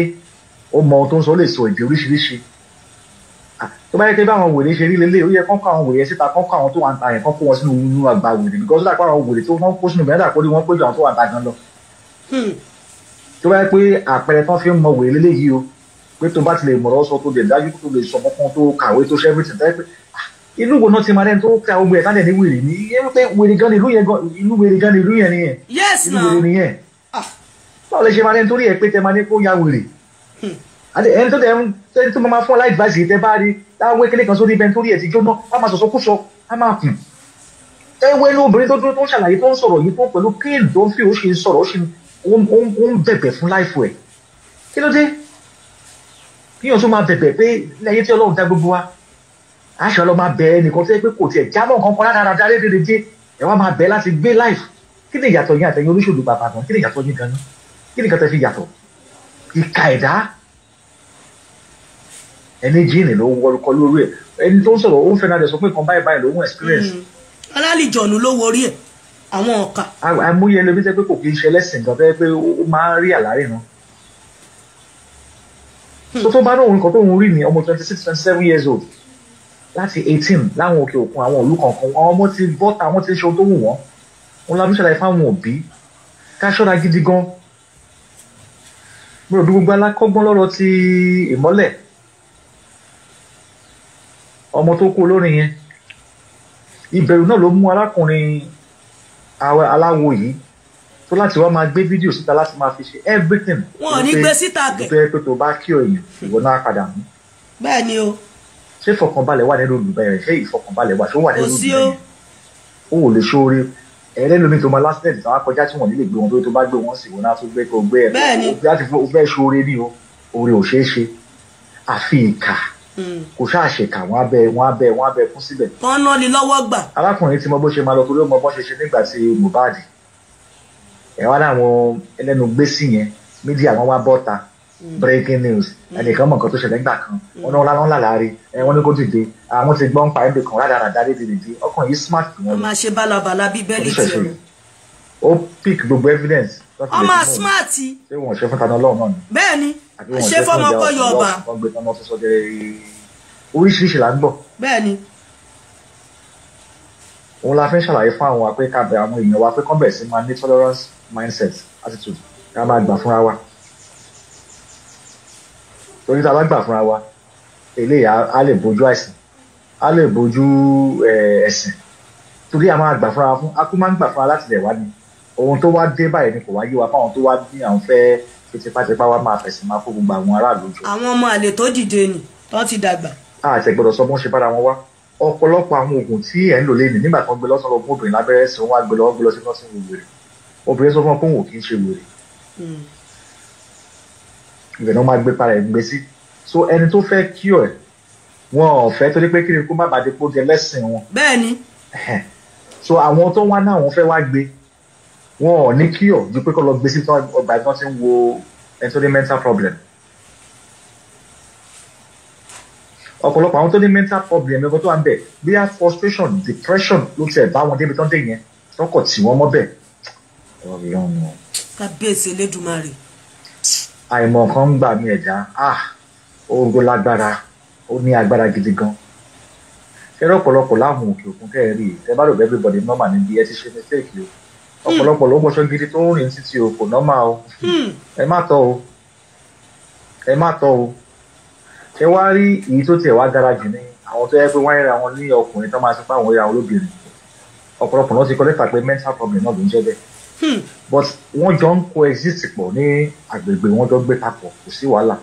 S3: ó mọ ohun tó ń sọ ó lè sọ èdè oríṣiríṣi tó bá yẹ pé báwọn wèrè ṣe rí lélẹ̀ ó yẹ kán kó àwọn wèrè síta kán kó àwọn tó wà ń ta yẹn kán kó wọn sínú inú àgbà wèrè because ó dà pé àwọn wèrè tó wọ́n kó sínú mẹ́ta kó rí wọ́n péjọ àwọn tó wà ń ta gan lọ hmm. tó bá yẹ pé àpẹẹrẹ tán fi ń mọ wèrè lélẹ̀ yìí o pé tó bá ti lè mọ̀rọ̀ sọ tó lè dájú tó lè sọ kankan tó kàwé tó ṣe everything tẹ́ pé ah, inú wo náà ti máa rẹ́ni tó ka ogun ẹ̀ ká tẹ̀lé wèrè ní irú pé wèrè gan ni ìlú yẹn gan inú wèrè gan ni ìlú yẹn nìyẹn inú wèrè nìyẹn ah. báwo lè ṣe máa rẹ́ni torí ẹ̀ pé tẹ máa ní kó ya wèrè hmm. àti ẹni tó tẹ ẹni tó máa fún ọ láì advice tẹ bá rí láwọ ekele kan sórí ibẹ̀ nítorí ẹ̀ ti jóná á máa sọ̀sọ́ kú sọ á máa kù ẹ wọ inú obìnrin tó tó ń ṣàlàyé tó ń sọ̀rọ̀ yìí tó pẹ̀lú kéèdì tó fi òṣì sọ̀rọ̀ ó ń bẹ̀bẹ̀ fún láìfù ẹ̀ kí ló dé kíyàn tó máa bẹ̀bẹ̀ pé lẹ́yìn tí ọlọ́run dá gbogbo wa aṣọ lọ máa bẹ̀ ẹnìkan tó yẹ pé kò tiẹ̀ jámọ́ nǹkan kan rárá dáre dédé dé ẹ wá máa bẹ̀ láti gbé life kí ni ìyàtọ̀ yín àtẹ̀yìn olóṣèlú bàbá gan kí ni ìyàtọ̀ yín gan ná kí ni kàtẹ́ fi yàtọ̀ ìka ẹ̀dá ẹni jíìnì ló wọlọkọ lórí ẹ ẹni tó ń sọ̀rọ̀ ó ń fẹ́ náà dẹ̀ sọ pé nǹkan báyìí báyìí ló ń experience. Mm. alálìjọ̀nù ló wọrí ẹ̀ àwọn ọ̀ka. àmúyẹ lóbi tẹ́ pé kò kí Hmm. so tó bá ní òun kan tó ń rí ni ọmọ twenty six twenty seven years old láti eighteen láwọn òkè òkun àwọn òlú kankan àwọn ọmọ ti bọ́ta àwọn ti ṣe ohun tó wù wọ́n òun lábí ṣàlàyé fáwọn òbí ká ṣọ́ra gidi gan mo rò bí gbogbo alákọ́gbọ́n lọ́rọ̀ ti ìmọ́lẹ̀ ọmọ tó kú olórin yẹn ìbẹ̀rù náà ló mú arákùnrin aláwo yìí So láti wá máa gbé fídíò síta láti máa fi ṣe everything. wọn ò ní gbé síta kẹ. ìpè pé tó bá kí òyìn ìwọ náà padà mú. bẹ́ẹ̀ ni o. ṣé ìfọkànbalẹ̀ wà nínú olùbẹ̀rẹ̀ ṣé ìfọkànbalẹ̀ wà ṣó wà nínú olùbẹ̀rẹ̀ o ò lè ṣoore ẹ̀rẹ́ lómi tó máa lásìlẹ̀tì táwa kọjá tí wọ́n nílé gbé wọn tó bá gbé wọn sì wọn náà tó gbé kó gbé ẹ̀ láti fẹ́ ṣoore ní o oore ò ṣeé ṣe àfi ìkà hmm. kò ṣàṣekà wọn abẹ wọn abẹ wọn abẹ kún síbẹ̀. kán
S2: náà ni lọ́wọ́
S3: gbà. arákùnrin tí mo bó ṣe máa lọ torí ó mọ bó ṣe ṣe nígbà tí Mohbad ẹ wá láwọn ẹlẹ́nu gbèsè yẹn mídíà wọn wá bọ́ta hmm. breaking news hmm. ẹnìkan mọ̀ nǹkan tó ṣẹlẹ̀ ńgbà kan wọn hmm. náà lánàá lálàárí ẹ wọn ní kó dìde àwọn ah, ti gbọ́n pa ẹ̀bì kan rádaràdá dédé dìde ọkàn yìí smart wọn lọ. ọmọ àṣẹ balabala bíi bẹ́ẹ̀lì tiẹ̀ lọ. ó pick gbogbo evidence. ọmọ smart. ṣé wọn ṣe fún tanná ọlọ́run náà ni.
S2: bẹ́ẹ̀ni ṣé fọmọkọ yọba.
S3: oríṣiríṣi là ń gbọ́. bẹ́ẹ̀ni òun la fẹ́ ṣàlàyé fún àwọn wa pé ká bẹ àwọn èèyàn wa pé kán bẹ̀rẹ̀ sí máa ní tolerance mindset attitude ká máa gbà fúnra wa torí tá a bá gbà fúnra wa eléyà á lè bójú àìsàn á lè bójú ẹ̀sìn torí a máa gbà fúnra fún a máa ń gbà fúnra láti lè wá ni ohun tó wá dé báyìí ni kò wá yé wa fáwọn tó wá ní àwọn fẹ́ fi tipátipá wa máa fẹ̀sìn máa kó gbogbo àwọn aráàlú jọ. àwọn ọmọ àlè tó dìde ni wọn ti dàgbà. a àti ẹgbẹ̀rún sọ bó ń ṣe bára wọn wá ọ̀pọ̀lọpọ̀ àwọn oògùn tí ẹ̀ ń lò lé ní nígbà kan gbé lọ́sàn lọ́gbọ́n obìnrin lábẹ́rẹ́ sí wọn á gbé lọ́wọ́ gbé lọ́sàn lọ́sàn wò wèrè obìnrin sọ fún ọ pé òun ò kí ń ṣe wèrè hmm. ibẹ̀ náà máa gbé para ẹ̀ gbé sí so ẹni tó fẹ́ kí ọ̀ ẹ̀ wọn ò fẹ́ torí pé kiri kó má bàa depo jẹ lẹ́sìn wọn. bẹ́ẹ̀ni. so àwọn tó wá náà wọn fẹ́ wá gbé wọn ò ní kí ọ̀ ju pé kó lọ gbé sí ọgbà tí wọ́n ti ń wo ẹni tó ní mental problem. ọ̀pọ̀lọpọ̀ àwọn tó ní mental problem ẹ̀kọ́ tó wà ń bẹ̀ bíyà frustration depression ló tiẹ̀ bá wọn débi tó ń dé yẹn tọkọ̀ tí wọ́n mọ́ bẹ̀.
S2: kábíyèsí elédùnmarè.
S3: àìmọ̀ kan ń gbà mí ẹ̀dá ah oògùn lágbára ó ní agbára gidi gan fẹ́rẹ́ ọ̀pọ̀lọpọ̀ láwọn òkè òkun kẹ́ẹ̀rí ẹ bá lòdì everybody normal níbi ẹ ti ṣe mistake o hmm. ọ̀pọ̀lọpọ̀ ló gbọ́sọ gidi tó rìn títí o kò normal o hmm. ẹ má tọ́ o ẹ má tọ́ o ẹ wá rí èyí tó tiẹ̀ wá dára jù ní àwọn tó yẹ pé wọ́n yẹra wọn ní ọkùnrin tó máa sọ pé àwọn yẹra wọn lóbìnrin ọ̀pọ̀lọpọ̀ náà ti kọ́ lẹ́tà pé mental problem náà ló ń jẹ́ bẹ́ẹ̀ hmm. but wọ́n jọ ń coexist pọ̀ ní agbègbè wọ́n jọ gbé papọ̀ kò sí wàhálà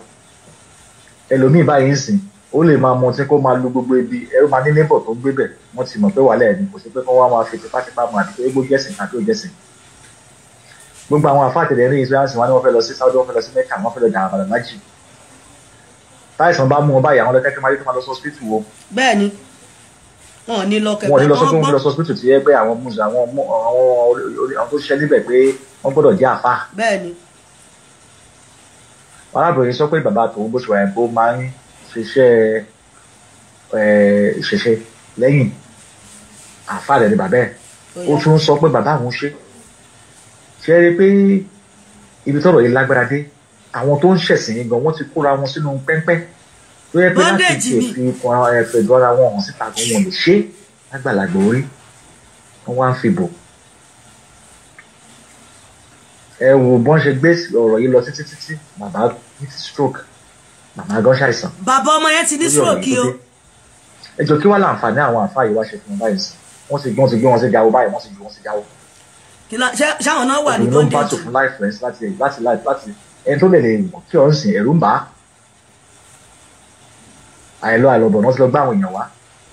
S3: ẹlòmíì báyìí ń sìn ó lè máa mọtí kó máa lu gbogbo ibi ẹrú máa ní neighbor tó ń gbé bẹ̀ wọ́n ti mọ̀ pé wàhálà ẹni kò sí pé kán wá máa fi tipátipá mọ àti égbó jẹ́sìn àti òjẹ́sìn gbogbo àwọn àfáàtẹ̀lẹ́rìn israẹli wọn ni wọ́n fẹ́ lọ sí Saudi wọ́n fẹ́ lọ sí Mecca wọ́n fẹ́ lọ dàn àbàlà táìsàn bá mú wọn báyìí àwọn lọ́kẹ́kẹ́ máa yóò tó máa lọ sọ́spítù wọn. bẹ́ẹ̀ni wọn ò ní lọ kẹkẹ wọn ò ní lọ sọ pé wọn lọ sọ́spítù tí ẹ pé àwọn mùsùn àwọn àwọn tó ṣiṣẹ́ níbẹ̀ pé wọ́n gbọ́dọ̀ jẹ́ àfa. bẹ́ẹ̀ni. arábìnrin sọ pé bàbá tòun bó ṣe wà ẹ̀bó máa ń ṣiṣẹ́ ìṣẹ̀ṣe lẹ́yìn àfa rẹ̀ ni bàbá ẹ̀ ó tún sọ pé bàbá àwọn ṣe ṣe é rí pé ibi tọ́rọ̀ yìí lágbára dé àwọn tó ń ṣẹ̀sìn yìí gan wọ́n ti kóra wọn sínú pẹ́ńpẹ́ tó yẹ pé láti tètè fi fẹ̀dọ̀ ara wọn hàn síta gan wọn lè ṣe lágbàlagbà orí wọn wá ń fi bò ẹ wò bọ́n ṣe gbé ọ̀rọ̀ yìí lọ títí títí bàbá ní stroke màmá gan ṣàìsàn.
S2: bàbá ọmọ yẹn ti ní stroke o.
S3: ẹ jọ kí wàá láǹfààní àwọn àfáà yìí ṣe fún wọn báyìí sí wọn ti gbé wọn ti gbé wọn sí jáwó báyìí wọn ti ju wọn sí jáwó. kí ló ṣáwọn náà wà ní bondage ẹni tó lẹ̀lẹ̀ èèyàn kí ọ̀rọ̀ sìn ẹ̀rú ń bà á àìlọ àlọ́bọ̀ wọ́n ti lọ gbá àwọn èèyàn wá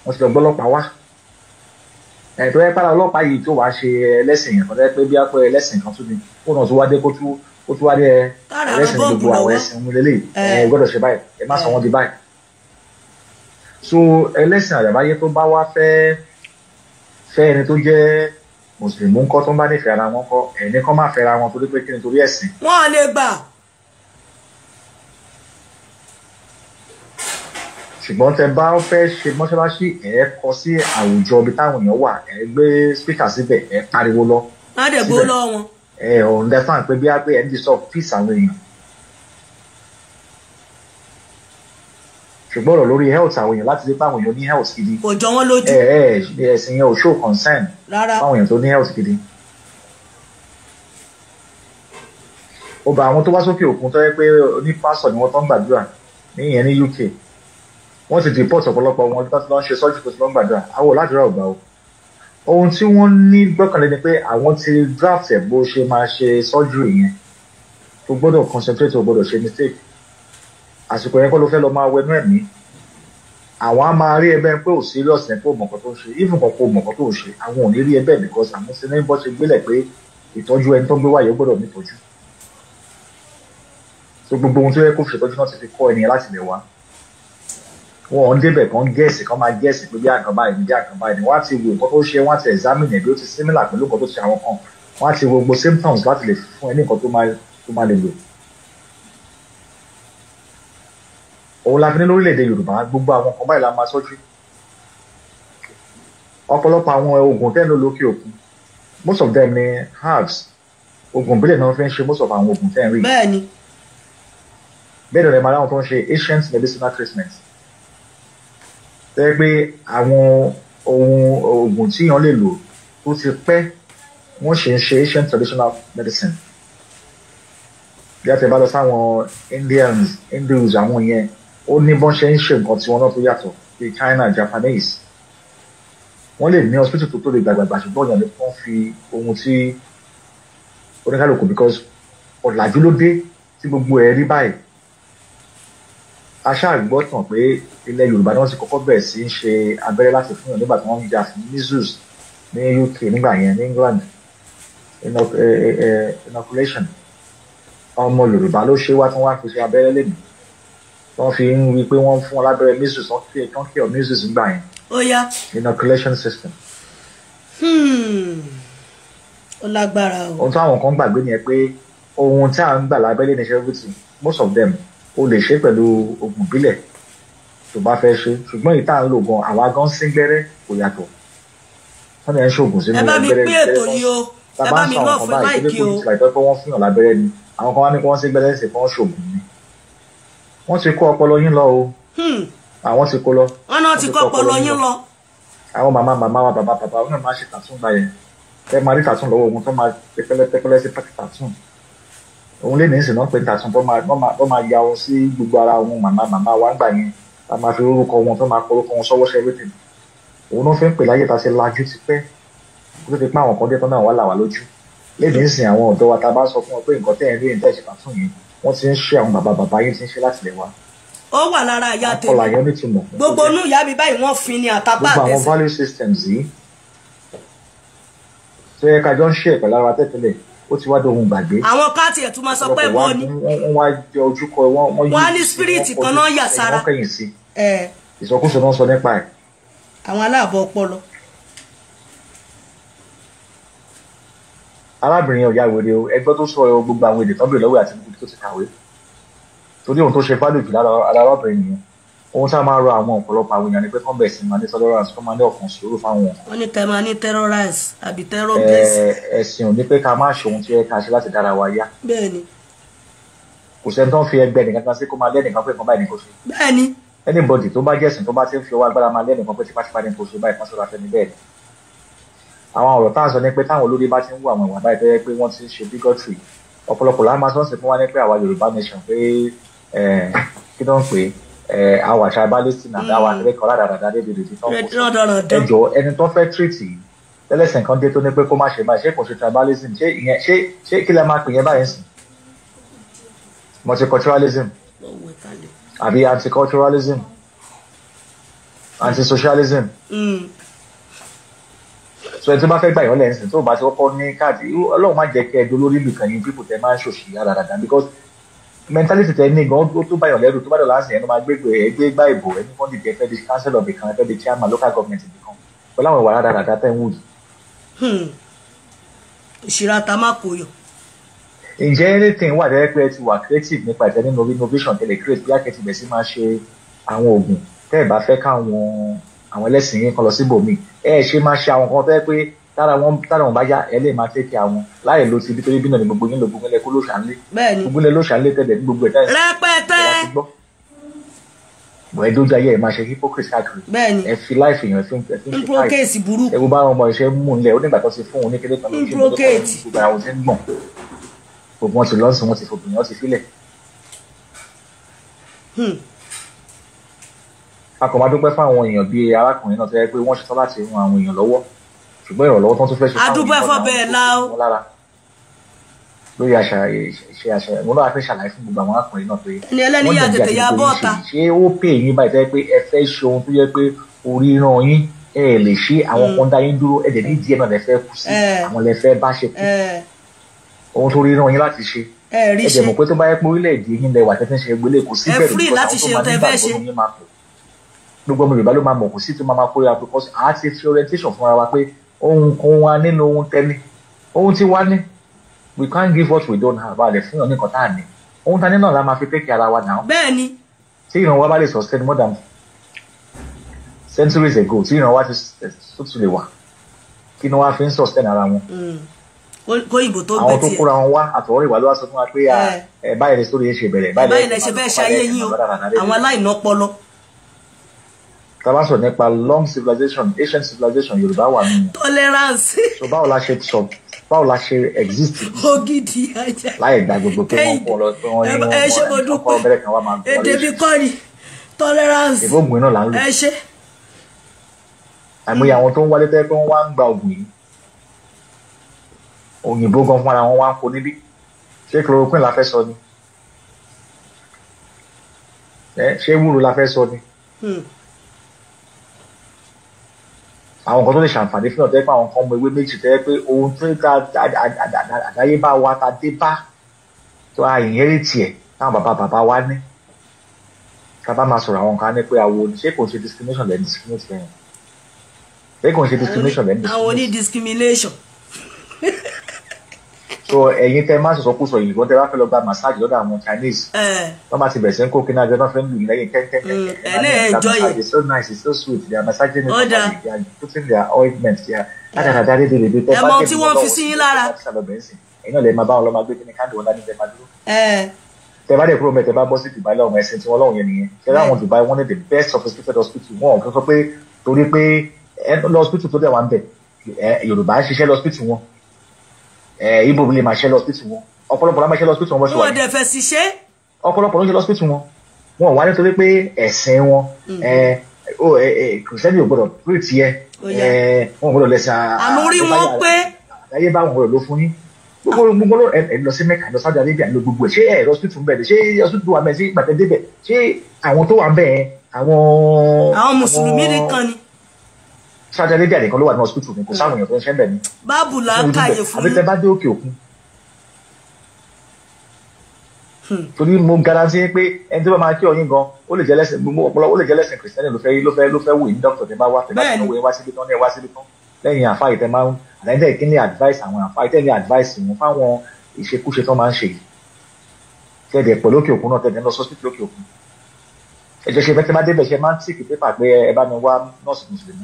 S3: wọ́n ti lọ gbọ́lọ́pàá wá ẹni tó yẹ pàdà ọlọ́pàá yìí tó wàá ṣe ẹlẹ́sìn yẹn kọ́tẹ́ pé bí a pẹ́ ẹlẹ́sìn kan tún ni ó náà tún wá dé kó tún ó tún wá dé ẹlẹ́sìn gbogbo àwọn ẹ̀sìn ń lélẹ̀ ẹ gbọ́dọ̀ ṣe báyìí ẹ má sọ wọ́n di báyìí. so ẹlẹ́sìn àdàbáyé tó bá wá fẹ́ fẹ́ ẹni tó jẹ́ mùsùlùmí ńkọ́ tó ń bá nífẹ̀ẹ́ ara wọn kọ́ ẹ̀ẹ́nì kan má fẹ́ ara wọn torí pé kí ni torí ẹ̀sìn. wọ́n lè gbà. ṣùgbọ́n tẹ bá fẹ́ ṣe mọ́ṣáláṣí ẹ kọ sí àwùjọ ibi táwọn èèyàn wà ẹ gbé spíkà síbẹ̀ ẹ pariwo lọ.
S2: má dẹ̀ gbó lọ wọn.
S3: ẹ ọ̀n dẹ fún àpẹ bí a pé ẹ ń disọ peace àwọn èèyàn. ṣùgbọ́n ọ̀rọ̀ lórí health àwọn èèyàn láti dé fáwọn èèyàn ní health gidi. kò jọ wọn lójú. ẹ ẹ ẹsìn yẹn ò show concern. rárá fáwọn èèyàn tó ní health gidi. ó bá àwọn tó wá sókè òkun tó yẹ pé onípásọ̀ ni wọ́n tó ń gbàdúrà ní ìyẹn ní UK wọ́n sì ti port ọ̀pọ̀lọpọ̀ wọn tó lọ́n ṣe sọ́jú kò tó lọ́n gbàdúrà ládùúrà ò o ohun tí wọ́n ní gbọ́kànlé ni pé àwọn ti draft ẹ̀ bó ṣe máa ṣe sọ́jú yẹn o gbọ́dọ̀ concentrate o gbọ́dọ̀ ṣe mistake àsìkò yẹn kọ́ ló fẹ́ lọ máa wẹnu ẹ̀mí àwọn á máa rí ẹbẹ pé ò serious ẹ pé ò mọ̀kọ́ tó ń ṣe even kan kó mọ̀kọ́ tó ń ṣe àwọn ò ní rí ẹbẹ because àwọn ti ní bọ́ ṣe gbélẹ̀ pé ìtọ́jú ẹni tó ń gbé wáyé gbọ́dọ̀ nítọ́jú so gbogbo ohun tó yẹ kó fi ìtọ́jú náà ti fi kọ́ ẹni láti lè wá wọn ò débẹ̀ kan gẹ̀ẹ́sì kan máa gẹ̀ẹ́sì pé bí àkàn báyìí ní bí àkàn báyìí ni wọ́n á ti wo nǹkan tó ṣe wọ́n á ti examine ẹ̀ bí ó ti similar pẹ̀lú nǹkan tó ṣe àwọn kan wọ́n á ti wo gbogbo symptoms láti lè fún ẹ ní nǹkan tó máa lè lò. òun la fi ní lórílẹ̀‐èdè Yorùbá gbogbo àwọn kan báyìí la máa sọ́jú ọ̀pọ̀lọpọ̀ àwọn oògùn tẹ́nu lókè òkun most of them ni herbs oògùn bílẹ̀ náà fi ń ṣe most of àwọn oògùn tẹ́nu rí bẹ́ẹ̀ ni bẹ́ẹ̀ ni ọ̀rẹ́ màdá wọn tó ń ṣe ancient medicinal treatment tó yẹ pé àwọn ohun oògùn tí èèyàn lè lò tó ti pẹ́ wọ́n ṣe ń ṣe ancient traditional medicine bí a ti bá lọ sáwọn Indians Hindus àwọn yẹn ó ní bọ́n ṣe ń ṣe nǹkan tí wọ́n náà tó yàtọ̀ bí China Japanese wọ́n lè ní hospital tó tó lè gbàgbàgbà ṣùgbọ́n ìyàlẹ́ wọ́n fi ohun tí oníkálukú because ọ̀làjú ló dé tí gbogbo ẹ̀ rí báyìí aṣáàgbọ́tàn pé ilẹ̀ yorùbá náà ti kọ́kọ́ bẹ̀rẹ̀ sí í ṣe abẹ́rẹ́ láti fún yàn nígbà tí wọ́n ń jà fún measles ní uk nígbà yẹn ní england eh, eh, eh, inoculation ọmọ yorùbá ló ṣe wá tí wọ́n wá fi ṣe abẹ́rẹ́ lẹ́nu wọ́n fi ń wí pé wọ́n fún wọn lábẹ́rẹ́ measles wọ́n kí wọ́n kí ọ measles nígbà yẹn inoculation system. Hmm. ó lágbára o. ohun táwọn kan gbàgbé nìyẹn pé ohun tí à ń gbà lábẹ́lẹ̀ ní ṣe most of them o lè ṣe pẹ̀lú oògùn ìbílẹ̀ tó bá fẹ́ ṣe ṣùgbọ́n ìta ń lò gan àwa gan sí gbẹ́rẹ́ kò yàtọ̀ wọ́n yẹn ń ṣoògùn sínú gbẹ́rẹ́ gbẹ́rẹ́ wọn tàbá ń sọ àwọn kan báyìí kí ló kù ìtura ìtọ́ pé wọ́n fún yàn lábẹ́rẹ́ ni àwọn kan wá ní kí wọ́n sí gbẹ́rẹ́ sí kí wọ́n ṣoògùn ni wọ́n ti kó ọpọlọ yín lọ o hmm. àwọn ti kó lọ wọ́n náà ti kó ọpọlọ yín lọ àwọn màmá màmá wa bàbá bàbá wọn náà máa ṣe tàtún gbà yẹn ẹ máa rí tàtún lọ́wọ́ ogun tó máa tẹpẹlẹ tẹpẹlẹ sí pàkì tàtún òun lè ní ìsìn náà pé tàṣán tó máa ya ọ sí gbogbo ara òun màmá màmá wa gbà yẹn a máa fi orúkọ wọn tó máa korúkọ wọn sọwọ́ sẹ́wétì òun náà fi ń pè láyè tá a ṣe lajú ti pẹ́ kó tó ti pé àwọn kan dé tán náà wà là wá lójú lè ní ìsìn àwọn ọ̀dọ́ wa tá a bá sọ fún ọ pé nǹkan tẹ́yìn lóyìn tẹ́sí pàtó yẹn wọ́n ti ń ṣe àwọn bàbá bàbá yẹn ti ń ṣe láti lè wa.
S2: ó wà lára ìyá tèmi gbogbo inú ìyá mi báyìí wọ́n fi ni àtàbà àtẹ̀sẹ̀. gbogbo àwọn
S3: value systems yìí tó yẹ ká jọ ń ṣe ìpẹ̀lára tẹ́tẹ̀lẹ̀ ó ti wá dohun gbàgbé. àwọn
S2: káàtì ẹ̀tún máa sọ pé wọ́n
S3: ní. wọ́n wá jẹ ojúkọ wọ́n yí sí wọ́n ní spiriti kan náà yà sára. wọ́n kẹ́yìn sí ìsọkúsọ náà sọ nípa ẹ̀.
S2: àwọn aláàbọ̀ ọpọlọ.
S3: arábìnrin ọ̀yá wèrè o ẹgbẹ́ tó sọ gbogbo àwọn èdè tó ń bèrè lọ́wọ́ àti gbogbo tó ti kàwé torí ohun tó ṣe fádùn jù lára arábìnrin nìyẹn ohun tí a máa rọ àwọn ọ̀pọ̀lọpọ̀ àwọn èèyàn ni pé kán bẹ̀rẹ̀ sí máa ní tolerance kán máa ní ọ̀kan sùúrù fáwọn ọ̀kan.
S2: wọ́n ní kẹ́ máa ní terrorize àbí terror base.
S3: ẹ̀sìn ò ní pé ká má ṣe ohun tí ó yẹ ká ṣe láti dára wa yá. bẹ́ẹ̀ni. kò sẹ́ni tó ń fi ẹgbẹ́ nìkan kan sí kó máa lẹ́nìkan pé nǹkan báyìí ni kò ṣe. bẹ́ẹ̀ni. anybody tó bá jẹ̀sìn tó bá ti ń fi ọwọ́ agbára máa lẹ́nìkan pé tipátipá ni kò ṣe báyìí ni. àwọn ọ̀rọ̀ tá à ni pé táwọn olórí bá ti ń àwọn tribalism àti àwọn akẹ́kọ̀ọ́ rádaràdà da rèé de ń bọ̀ ẹjọ́ ẹni tó fẹ́ tírìtì lẹ́lẹ́sìn kan dé tó ní pé kó má ṣe báyìí ṣé kò ṣe tribalism ṣé ìyẹn ṣé ṣé kí lẹ máa pè yẹn báyìí sìn multiculturalism àbí anticulturalism antisocialism. Mm so ẹni tó bá fẹ́ gbà yọ̀ lẹ́sìn tó bá ti kọ́kọ́ ní káàdì ọlọ́run má jẹ́ kí ẹ dolórí nìkan yín pípò tẹ máa ń ṣòṣì yára dáadáa because mentality tẹ ní gan ó tó báyọ̀ lẹ́rù tó bá dọ̀lá sí ẹnu máa gbégbé ẹgbẹ́ gbá ìbò ẹni fọ́n dìde ẹfẹ́ di councillor bìkan ẹfẹ́ di chairman local government bìkan pẹ̀lú àwọn ìwà rádaràdà tẹ́ ń wù
S2: yìí.
S3: ìṣirà ta má kó yọ. ǹjẹ́ anything wà tẹ́lẹ̀ pé ẹ ti wà creative nípa ìtẹ́ nínú innovation tẹ́lẹ̀ create bí akẹ́tì bẹ̀ sí máa ṣe àwọn oògùn tẹ́ ẹ̀ bá fẹ́ káwọn àwọn ẹlẹ́sìn yín kan lọ síbòmíì ẹ ṣe máa ṣe àwọn kan tẹ́lẹ̀ pé tára wọn tára wọn bá yá ẹ lè máa tẹ́kẹ̀ àwọn láì lo ti nítorí bínú ni gbogbo yín lo gbogbo ilẹ̀ kó ló ṣàlẹ̀ gbogbo ilẹ̀ ló ṣàlẹ̀ tẹ̀lẹ̀ ní gbogbo ẹ̀ táyà rẹpẹtẹ bọ̀ ẹ dójú ayé ẹ máa ṣe hypocrite káàkiri ẹ fi láìfì yàn ẹ fi ń ṣe báyìí ẹ wo bá àwọn ọmọ iṣẹ́ mú nílẹ̀ ó nígbà tó ṣe fún òun ní kéde kan ló ṣe mú lọ́kọ̀ gbogbo àwọn ṣe ń gbọ̀n gbogbo wọn ti lọ́sùn wọn ti fòbìnrin wọn ti fílẹ̀ hmm. akọ̀mọ́dúpẹ́ fáwọn èèyàn bíi arákùnrin náà tó yẹ pé wọ́n ṣetán láti ran àwọn èèyàn lọ́wọ́ ṣùgbọ́n ìrànlọ́wọ́ tó ń tún fẹ́ ṣe fáwọn adúgbò ẹ̀fọ́ bẹ́ẹ̀ lára lórí àṣà ṣe àṣà mo náà fẹ́ ṣàlàyé fún gbogbo àwọn akọrin náà pé ẹni ẹlẹ́ni yà tètè ya bọ́ọ̀ta ṣé ó pè yín báyìí tẹ́ pé ẹ fẹ́ ṣe ohun tó yẹ pé orí ràn yín ẹ lè ṣe àwọn mm. kan dá yín dúró ẹ̀dẹ̀ ní díẹ̀ náà lè fẹ́ kú sí eh. àwọn lè fẹ́ bá ṣe kú eh. ohun tó rí ràn yín láti ṣe eh, ẹ̀dẹ̀ mọ̀ pé tó bá yẹ pé orílẹ̀-èdè yín lẹ wà tẹ́tẹ́ ṣe gbélé kò sí bẹ̀rù gbogbo ọmọ Yorùbá ló máa mọ̀ kò sí tó máa máa kóra because àá ti fi orientation fúnra wa pé ohun kan wa nínú ohun tẹ́ni ohun tí wá ní we can't give what we don't have a lè fún yàn ní nǹkan tá à ní ohun tá ní náà la máa fi tẹ́kì ara wa náà. bẹ́ẹ̀ni. tí ìrànwọ́ bá lè sustain more than centuries ago tí ìrànwọ́ ti tún lè wà kí ni wọ́n á fi ń sustain ara wọn. Hmm. kóyìnbó tó gbé tiẹ̀. àwọn tó kóra wọn wá àtọ̀wọ́ ìwà ló wá sọ fún wa pé ah, eh. Eh, báyìí lè sórí ẹ ṣe bẹ̀rẹ̀ báyìí lè ṣe bẹ́ẹ̀ ṣe ayé yín o àwọn aláìná pọlọ tàbá sọ nípa long civilization ancient civilization yorùbá wà nínú. tolerance. [laughs] so báwo la ṣe sọ báwo la ṣe exist. ògidì ajá. láì gba gbogbo pé wọn kọ lọ pé wọn ní wọn ní ọkọ bẹ̀rẹ̀ kan wà máa ń kọ lọ. èdè mi kọ́ tolerance. èbó ògùn náà là ń lò. ẹ ṣe. àìmọye àwọn tó ń wálé tẹ́ pé wọ́n wá ń gba ògùn yìí òyìnbó gan fúnra wọn wá ń kó níbí ṣé chloroquine la fẹ́ sọ ni ṣé wúro la fẹ́ sọ ni. Hmm àwọn kan tó lè ṣàǹfààní fún ọ̀tẹ́ pé àwọn kan mọ ewé méjì tẹ́ pé ohun tó ń ta àdáyébá wa ta dé bá tó a ìyẹ́rìtì ẹ̀ táwọn bàbá bàbá wa ní ká bá máa sọ̀rọ̀ àwọn kan ní pé àwọn oníṣe kò ń ṣe discrimination lẹ́yìn discrimination lẹ́yìn. discrimination. àwọn oní
S2: discrimination
S3: so ẹ̀yin tẹ máa sọ̀sọ́ kú sọ yìnbọn tẹ bá fẹ́ lọ gba massage lọ́dọ̀ àwọn chinese wọ́n bá ti bẹ̀rẹ̀ sí ń kó kíná gbẹ́ wọ́n fẹ́ ń lù yín lẹ́yìn mm, nice it's so sweet they are massaging you they are putting their ibo lè máa ṣe lọ hospital wọn ọ̀pọ̀lọpọ̀ ló máa ṣe lọ hospital wọn bọ́ṣọ wa wọn dẹ̀ fẹ́ ṣiṣẹ́ ọ̀pọ̀lọpọ̀ ló ń ṣe lọ hospital wọn wọn ò wá nítorí pé ẹ̀sìn wọn mm. o ò gbọ́dọ̀ rí tiẹ̀ wọn ò gbọ́dọ̀ lẹ́sà àmórí wọn pé ayé bá wọn gbọ́dọ̀ ló fún yín gbogbo gbogbo ló ẹ lọ sí Mẹ́kà lọ Saudi Arabia lọ gbogbo ẹ ṣé ẹ lọ hospital bẹ́ẹ̀ ṣé hospital wà bẹ́ẹ̀ ṣé gbàtẹ́ débẹ̀ ṣé àwọn tó wà bẹ́ẹ̀ àwọn. àwọn mùsùlùmí nìkan ni sájẹlé dẹ̀ nìkan ló wà ní hospital ni kò sáwọn èèyàn tó ń ṣe ń bẹ̀ ni.
S2: báàbù là ń kàyè fún yín. àbí tẹ bá
S3: dé òkè òkun. torí mo garanti pé ẹni tó bá máa kí ọyìn gan ó lè jẹ lẹ́sìn gbogbo ọpọlọ ó lè jẹ lẹ́sìn kìrìsìtẹ́nì ló fẹ́ ló fẹ́ ló fẹ́ wò ní dókítà tẹ bá wá tẹ bá tẹ wọ ẹ wá síbi tán ẹ wá síbi tán lẹ́yìn àfa ìtẹ máa ń àlẹ́ńtẹ̀ kí ni advice àwọn àfa ìtẹ ni advice wọn fáwọn ìṣekúṣe tán máa ń ṣe yìí tẹ̀dẹ̀ pẹ̀lú òkè òkun náà tẹ̀dẹ̀ lọ sọ́sítì lókè òkun ẹjọ ṣe mẹtẹ máa débẹ̀ ṣe máa ń tíìkì pépà pé ẹ bá mi wá nọ́ọ̀sì mùsùlùmí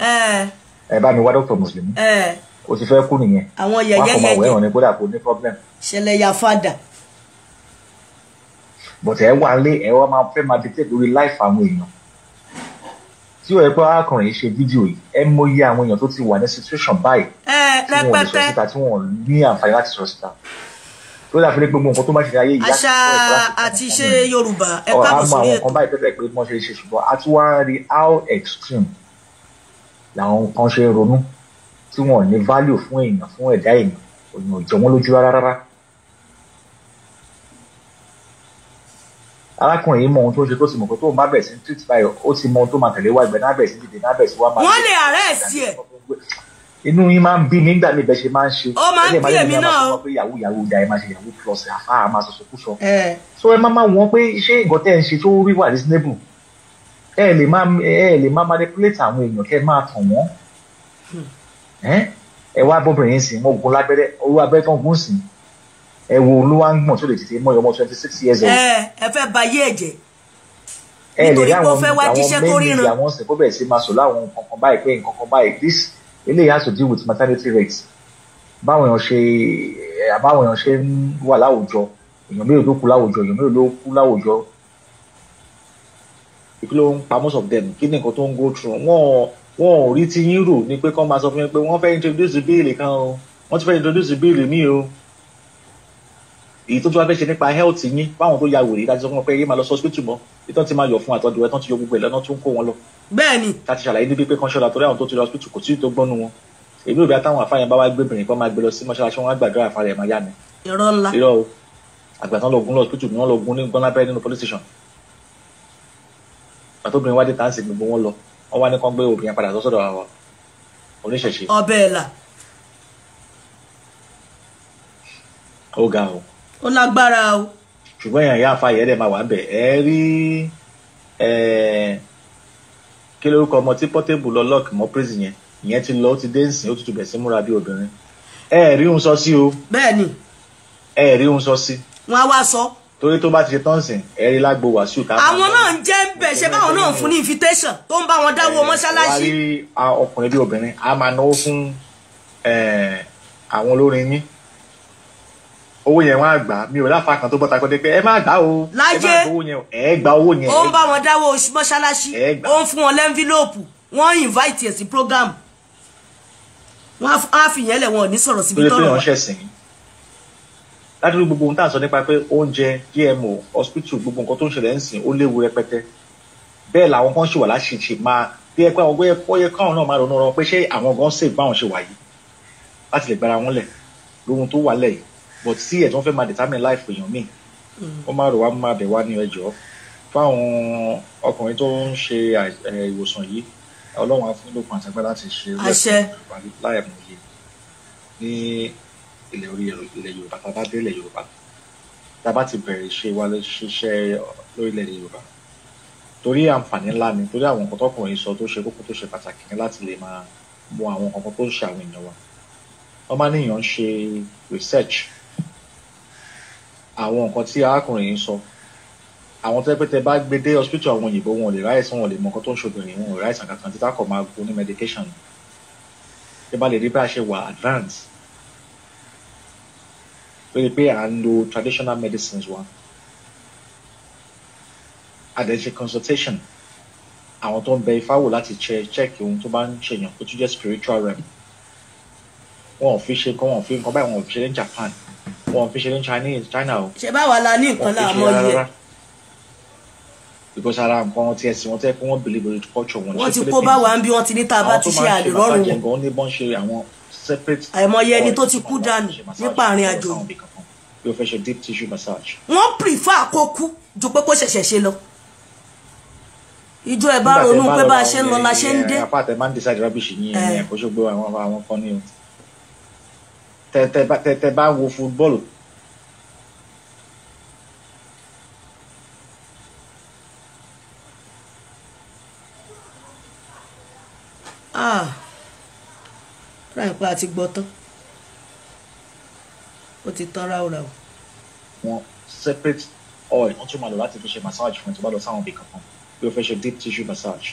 S3: ẹ bá mi wá dókítà mùsùlùmí o ti fẹ́ kú nìyẹn àwọn yẹyẹ yẹyẹ wọn kò mọ wẹrun ni kódà kò ní problem. ṣẹlẹ̀ ya fada. bọ̀tẹ̀ ẹ wà lé ẹ wá máa fẹ́ máa dictate lórí life àwọn èèyàn tí ó yẹ pé arákùnrin yìí ṣe fídíò yìí ẹ mọyì àwọn èèyàn tó ti wà ní situation báyìí tí wọn ò lè sọ síta tí wọn ò ní àǹfààní láti sọ síta tó dàbí pé gbogbo nǹkan tó máa ṣe ayé ìyá àṣà
S2: àti ṣe Yorùbá ẹ káàbọ̀ sórí ètò ọ̀rọ̀ àwọn
S3: kan báyìí pẹ́pẹ́ pé wọ́n ṣe ṣe ṣùgbọ́n a tún wá rí how extreme làwọn kan ṣe ronú tí wọn ò ní value fún èèyàn fún ẹ̀dá èèyàn òyìn ò jọ wọn lójú rárá rárá. arákùnrin yìí mọ ohun tó ṣe tó sì mọ̀ pé tóun bá bẹ̀ sí treat báyọ̀ ó ti mọ ohun tó máa tẹ̀lé wá ìgbẹ́ náà bẹ̀ sí inú yín máa ń bí mi nígbà mi bẹ ṣe máa ń ṣe. ó máa ń bí èmi náà o. pé yahoo yahoo da ẹ máa ṣe yahoo plus àfa a máa sọsọ kú so ẹ máa máa wọ́n pé ṣé nǹkan tẹ́ ẹ ń ṣe tó wíwà reasonable ẹ lè máa ẹ lè máa manipulate àwọn èèyàn kẹ́ máa tàn wọ́n. ẹ wá bọ́bìnrin sìn wọ́n gun lábẹ́rẹ́ orú abẹ́rẹ́ tó ń gún sìn ẹ wo olúwa ń gbọ̀n tó lè tètè mọ ọmọ twenty six years old. ẹ
S2: fẹ́ ba yé ẹ̀jẹ̀
S3: nítorí pé ó fẹ́ wá jíṣẹ́ tó ríran. àwọn mẹ́rin àwọn ọ̀sẹ̀ kó bẹ̀rẹ̀ sí máa sọ láwọn nǹkan kan báyìí pé nǹkan kan báyìí this eléyìí has to deal with maternity rates báwọn èèyàn ṣe àbáwọn eh, èèyàn ṣe ń wà láwùjọ èèyàn mélòó ló kú láwùjọ èèyàn mélòó ló kú láwùjọ ìpínlẹ̀ ohun pa most of them kí ni nǹkan tó ń go through wọn wọn ò rí ti yín rò ní pé kán máa sọ fún yín pé wọ́n fẹ́ introduce bíìlì kan o wọ́n ti fẹ́ introduce bíìlì míì o èyí tó tún wá fẹ́ ṣe nípa health yín báwọn tó ya wèrè dájú sọ fún wọn pé yé máa lọ sọ hospital mọ́ ìtàn ti máa yọ̀ fún àtọ́jú ẹ̀ tán ti yọ gbogbo ẹ̀ lọ́nà tó ń kó wọn lọ bẹ́ẹ̀ni. láti ṣàlàyé níbi pé kan ṣọ́ra torí àwọn tó ti lọ hospital kò tíì tó gbọ́nu wọn èmi ò bí atáwọn àfáàyàn bá wá gbé obìnrin kan máa gbé lọ sí mọ́ṣáláṣí wọn á gbàdúrà àfáàrẹ̀ máa yá mi.
S2: irọ́ ńlá irọ́
S3: o àgbà tán lọ gún lọ hospital ni wọ́n lọ gún ní gbọ́n lábẹ́rẹ́ nínú police station. àtòbìnrin wá dé táǹsì gbogbo wọn lọ wọn wá ní kán gbé obìnrin padà sọ́sọ́dọ̀ àwọn oníṣẹ̀ṣe. ọbẹ̀ ẹ̀là. ó ga o.
S2: ó lágbára o.
S3: ṣùgbọ́n kí lórúkọ ọmọ tí Portable lọ lọ́ọ̀kì mọ́ prison yẹn ìyẹn ti lọ ó ti dé nsìn ó ti tubẹ̀ sí múra bí obìnrin ẹ ẹ rí òun sọ sí o. bẹ́ẹ̀ni. ẹ ẹ rí òun sọ sí. wọn á wá sọ. torí tó bá ti ṣe tán sìn ẹ rí lágbo wàásù ká. àwọn
S2: náà ń jẹ́ ń bẹ̀ ṣe báwọn náà fún ní invitation tó ń bá wọn dáwọ́ mọ́ṣáláṣí. wàá rí
S3: ọkùnrin bí obìnrin a máa náwó fún àwọn olórin yín owó yẹn wọn á gbà mi ò láfa kan tó bọ́ta kọ́ dé pé ẹ má gbà o ẹ gbà owó yẹn ó ń bá
S2: wọn dáwọ́ mọ́ṣáláṣí ó ń fún wọn lẹ́ńfílọ́ọ̀pù wọ́n invite yẹn sí program wọ́n á fi yẹn lẹ̀ wọn ò ní sọ̀rọ̀ síbi tọ́lọ̀
S3: wọn. ládùúgbò gbogbo ohun tá à sọ nípa pé oúnjẹ GMO hospital gbogbo nǹkan tó ń ṣẹlẹ̀ ń sìn ó léwu rẹpẹtẹ bẹ́ẹ̀ làwọn kan ṣì wà láṣìṣe máa bí ẹ pé àwọn ọgbẹ́ káwọn náà máa ronú ọ̀rọ̀ pé ṣé àwọn gan ṣègbà àwọn ṣe wà yìí láti lè gbára wọn lẹ̀ lóhun tó wà lẹ́yìn but sí ẹ̀ tó ń fẹ́ máa determine life èèyàn míì ó má rò wá má bẹ̀ wá ní ẹjọ́ fáwọn ọkùnrin tó ń ṣe ìwòsàn yìí ọlọ́run afúnilókun àtàgbà láti ṣe rẹ́pù láìmọye ní ilẹ̀ orí ilẹ̀ yorùbá tá a bá dé ilẹ̀ yorùbá tá a bá ti bẹ̀rẹ̀ ṣe wa ṣiṣẹ́ lórílẹ̀ yorùbá torí àǹfààní ńlá ni torí àwọn nǹkan tọkùnrin sọ tó ṣe kókó tó ṣe pàtàkì ni láti lè máa mọ àwọn nǹkan tó ń ṣe àwọn èèyàn wa wọ́n máa níyàn ṣe research àwọn nǹkan tí arákùnrin yìí ń sọ àwọn tẹ́ pé tẹ́ bá gbé dé hospital àwọn òyìnbó wọn ò lè ráìsàn wọn ò lè mọ nǹkan tó ń ṣòbìnrin wọn ò ráìsàn kankan títà kọ̀ máa gbó medication ẹ bá lè rí bí a ṣe wà advance lórí pé à ń lo traditional medicines wa àdẹ̀ṣe consultation àwọn tó ń bẹ ifá wò láti ṣe check ohun tó bá ń ṣèyàn tó tún jẹ́ spiritual realm wọn ò fi ṣe nǹkan wọn ò fi nǹkan báyìí wọn ò fi ṣe ní Japan wọn fi ṣe ní Chinese China o. ṣe báwa la ní nǹkan láàmú yẹ. because ara nǹkan ti ẹ̀sìn wọn tẹ́ pé wọ́n believe the culture wọn. wọ́n ti kó bá wa ń bí wọ́n ti ní tá a bá ti ṣe àlè rọrùn wọn. àwọn tó máa ń ṣe bàbá jẹ̀ngàn ní bọ́n ṣe àwọn separate. àìmọye ẹni tó ti kú dànù nípa àárín àjò yìí. yóò fẹ́ ṣe deep tissue massage.
S2: wọ́n prefer kó ju pé kó ṣẹ̀ṣẹ̀ ṣe lọ ìjọ ẹ bá ronú pé bá a ṣe ń lọ la ṣe ń dé. apá
S3: àtẹ máa ń decide rubbish yín ẹ̀ eh. kó ṣe gbé àwọn kan ní o tẹ bá wo fútbọ́ọ̀lù.
S2: ráì pé a ti gbọ́ tán ó ti tán ráúra o.
S3: wọn separate oil wọn tún máa lò láti fi ṣe massage fún ẹ tó bá lọ sáwọn ibì kankan bí o fẹ́ ṣe deep tissue massage.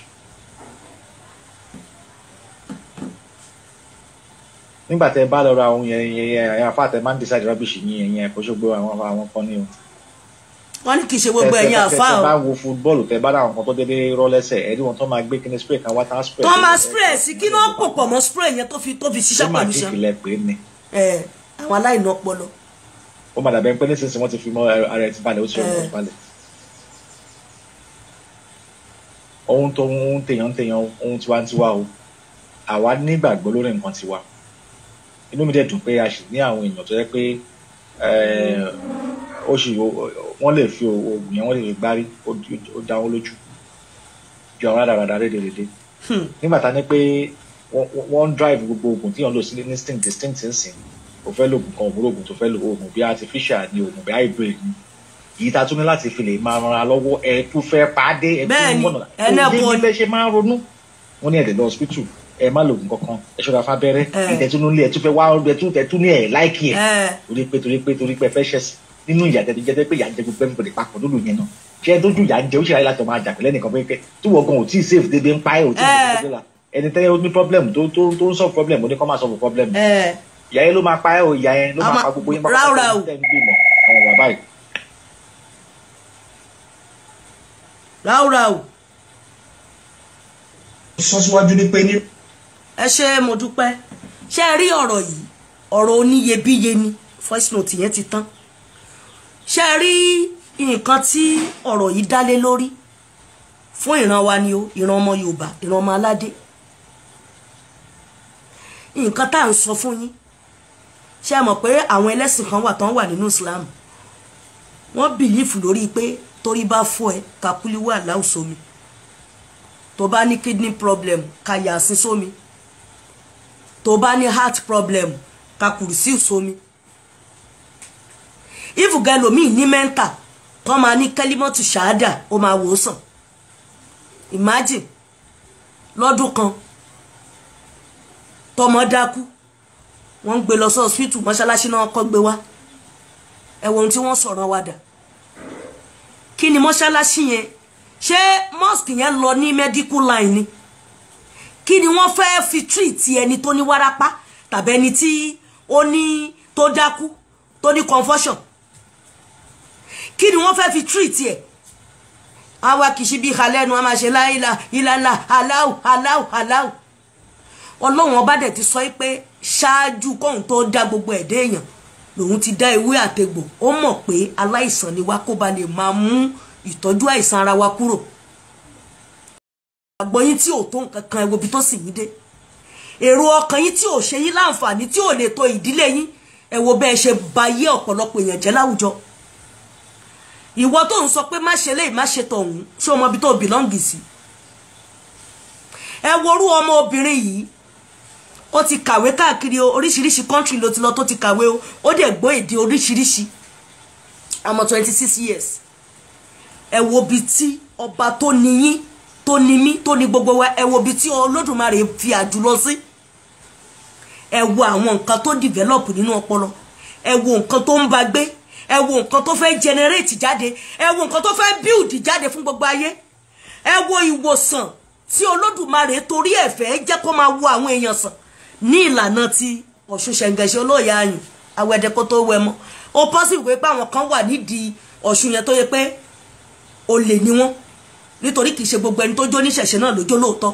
S3: nígbà tẹ bá lọ ra ohun yẹn yẹn àyà fà tẹ máa ń decide rubbish yín yẹn kó ṣògbó àwọn àwọn kan ní o.
S2: wọ́n ní kì í ṣe gbogbo ẹ̀yin àfa o. tẹ bá
S3: wo fútbọ́ọ̀lù tẹ bá ra àwọn kan tó dédé rọ́ lẹ́sẹ̀ ẹ̀rí wọn tó máa gbé kíni spray kan wá tá a spray. tó máa spray
S2: sí kí ló ń pò pọ̀ mọ́ spray yẹn tó fi tó fi ṣiṣẹ́ pẹ̀lú iṣẹ́. ó máa ti
S3: filẹ̀ pé ni. ẹ àwọn
S2: aláìní ọpọlọ.
S3: ó máa dàbẹ́ pé nísinsìnyí wọ́n ti fi mọ́ inú mi dẹ̀ dùn pé a sì ní àwọn èèyàn tó yẹ pé eh, ó sì wọ́n lè fi oògùn yẹn wọ́n lè fi gbárí ó dá wọn lójú ju àwọn rádaràdà rédèrèdè hmm. nígbà tá a ní pé wọ́n ń drive gbogbo oògùn tí wọ́n lò sí instinct distinct nsìn kò fẹ́ lo oògùn kan òwúrò oògùn tó fẹ́ lo oògùn bí artificial ni oògùn bí hybrid ni èyí ta tún ní láti fi lè máa ran lọ́wọ́ ẹ tún fẹ́ pàdé ẹ tún mọ̀nà ẹ ní bẹ́ẹ̀ ṣe máa ronú wọ́n ní ẹ̀dẹ̀ lọ hospital ẹ má lògùn kankan ẹ ṣọ́ra fún abẹ́rẹ́ ìtẹtún eh. nílé ẹ tún fẹ́ wá ọgbẹ tún tẹtún ní ẹ láìkí ẹ torí pé torí pé torí pé ẹ fẹ́ ṣẹṣin nínú ìyà tẹbi jẹjẹ pé ìyà jẹ gbogbo ẹnìkan ìpapọ̀ lólu yẹn náà ṣé ẹ tójú ìyà jẹ ó ṣèlérí láti ọmọ àjà pẹ̀lẹ́ nìkan pé tí wọ́n gan ò tí ì save dédé ń pa ẹ̀ ò tí ì save dédé eh. la ẹni tẹ́lẹ̀ ó ní problem tó tó tó ń sọ problem ó ní kọ́ máa sọ problem eh. ìyá yẹn ló máa pa ẹ̀ o ìyá yẹn ló máa pa gbogbo yín pa pàtó tẹ̀ ń gbìmọ̀ àwọn ìwà báyìí. ráúráú.
S2: sọ́síwájú ni pé ní ẹ ṣe mo dúpẹ́ ṣé ẹ rí ọ̀rọ̀ yìí ọ̀rọ̀ oníyebíye ni voice note yẹn ti tán ṣé ẹ rí nǹkan tí ọ̀rọ̀ yìí dálé lórí fún ìran wa ni o ìran ọmọ Yorùbá ìran ọmọ aládé nǹkan tá à ń sọ fún yín ṣé mọ̀ pé àwọn ẹlẹ́sìn kan wà tán wà nínú Islam wọ́n bìlífù lórí pé torí bá fọ́ ẹ kakuli láwùsọ mi tó bá ní kidney problem kàyà àsín sómi tó bá ní heart problem ka kùrùsí ìsomi ìfùgẹ́ lomiì ní mẹ́ńtà kọ́ máa ní kẹ́límọ́tù ṣáádà ó máa wò ó sàn imagine lọ́dún kan tọmọ dákú wọ́n ń gbé lọ sọ́ọ̀sìtù mọ́ṣáláṣí náà kọ́ gbé wá ẹ̀wọ̀n tí wọ́n sọ̀rọ̀ wa dà kí ni mọ́ṣáláṣí yẹn ṣé mosque yẹn lọ ní medical line ni kí ni wọ́n fẹ́ fi tírìtì ẹni tó ní wárápá tàbí ẹni tí ó ní tó dákú tó ní confusion kí ni wọ́n fẹ́ fi tírìtì ẹ̀ àwa kìsí bí ìhàlẹ́nu a ṣe láìla ìlàlà aláwù aláwù aláwù ọlọ́run ọba dẹ̀ ti sọ pé ṣáájú kóhun tó dá gbogbo ẹ̀dá èèyàn lòun ti dá ewé àtegbò ó mọ̀ pé aláìsàn ni wá kó ba lè máa mú ìtọ́jú àìsàn ara wa kúrò ìgbàgbọ́ yín tí ò tó nǹkan kan ẹ wo ibi tó sì yín dé èrò ọkàn yín tí ò ṣe yín láǹfààní tí ò lè tó ìdílé yín ẹ wo bẹ́ẹ̀ ṣe bayé ọ̀pọ̀lọpọ̀ èèyàn jẹ́ láwùjọ ìwọ tó ń sọ pé má ṣe léyìí má ṣe tọ̀hún ṣé o mọ ibi tó bìlọ́ǹgì sí ẹ worú ọmọ obìnrin yìí ó ti kàwé káàkiri oríṣiríṣi kọ́ńtì ló ti lọ tó ti kàwé o ó dẹ̀ gbọ́ èdè oríṣiríṣi ọmọ twenty six years ẹ wo bi tí ọba tó níyín tó ni mí tó ni gbogbo wa ẹ wo ibi tí olódùmarè fi àjùlọ sí ẹ wo àwọn nǹkan tó develop nínú ọpọlọ ẹ wo nǹkan tó ń ba gbé ẹ wo nǹkan tó fẹ́ generate jáde ẹ wo nǹkan tó fẹ́ build jáde fún gbogbo ayé ẹ wo ìwòsàn tí olódùmarè torí ẹ̀ fẹ́ jẹ́ kó máa wo àwọn èèyàn sàn ní ìlànà ti ọ̀ṣun ṣẹ̀ǹgẹ̀ṣẹ̀ olóòyà àyùn awẹ́dẹ kó tó wẹ mọ́ ó pọ́sibù pé àwọn kan wà nídìí ọ̀ṣun yẹn tó yẹ pé olè ni wọ́n nítorí kì í ṣe gbogbo ẹni tó jó níṣẹ̀ṣẹ̀ náà lójó lóòótọ́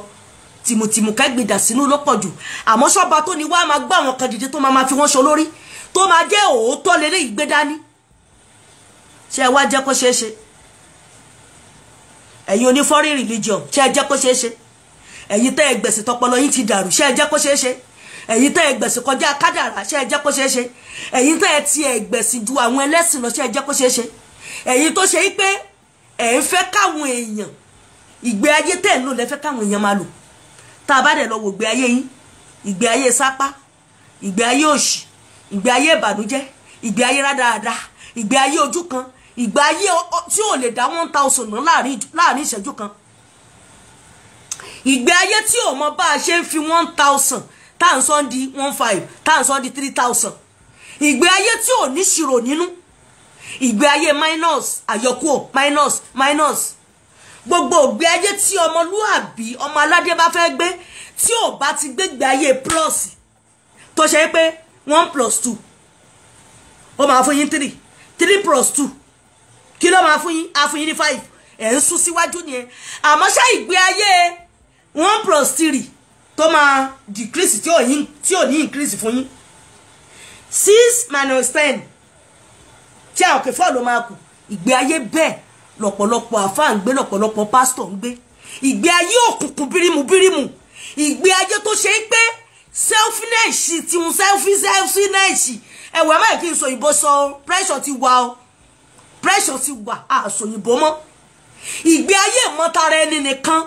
S2: tìmùtìmù kẹ́gbìdà sínú ló jù àmọ́ ṣọ́ba tó ní wá máa gbá àwọn kan dìde tó máa máa fi wọ́n ṣo lórí tó máa jẹ́ òótọ́ lélẹ́ ìgbé ṣé ẹ wá jẹ́ kó ṣeé ṣe ẹ̀yin oní foreign religion ṣé ẹ jẹ́ kó ṣeé ṣe ẹ̀yin tẹ́ ẹ tọpọlọ yín ti dàrú ṣé ẹ jẹ́ kó ṣeé ṣe ẹ̀yin tẹ́ ẹ kọjá kádàrá ṣé ẹ jẹ́ kó ṣeé ṣe ẹ̀yin tẹ́ ẹ ti ẹ ju àwọn ẹlẹ́sìn lọ ṣé ẹ jẹ́ kó ṣeé ṣe ẹ̀yin tó ṣe yí pé ẹ̀ ń fẹ́ káwọn èèyàn ìgbé ayé tẹ̀ ń lò lẹ́fẹ́ káwọn èèyàn máa lò tá a bá dẹ̀ lọ wo ìgbé ayé yín ìgbé ayé sápá ìgbé ayé òṣì ìgbé ayé ìbànújẹ́ ìgbé ayé rádaràda ìgbé ayé ojú kan ìgbé ayé tí ò lè dá one thousand náà láàrin ìṣẹ́jú kan ìgbé ayé tí ò mọ bá a ṣe ń fi one thousand tá à ń one five tá à ń three thousand ìgbé ayé tí ò ní ṣirò nínú ìgbé ayé minus àyọkúò minus minus gbogbo ògbé ayé tí ọmọlúàbí ọmọ aládé bá fẹ́ gbé tí ò bá ti gbégbé ayé plus tó ṣe pé one plus two ó máa fún yín three three plus two kí ló máa fún yín á fún yín ní five ẹ̀ ń sún síwájú nìyẹn àmọ́ ṣá ìgbé ayé one plus three tó máa decrease tí ò ní increase fún yín six minus ten tí àwọn kẹfọ́ ló máa kù ìgbé ayé bẹ́ẹ̀ lọ́pọ̀lọpọ̀ àfáà ń gbé lọ́pọ̀lọpọ̀ pásítọ̀ ń gbé ìgbé ayé òkùnkùn bírímù bírímù ìgbé ayé tó ṣe ń pé selfiness tiwọn selfie selfiness ẹ̀wẹ̀ máa kí n sọ ìbò sọ pressure ti wà o pressure ti wà àṣọ ìbò mọ́ ìgbé ayé ìmọ̀tara ẹni nìkan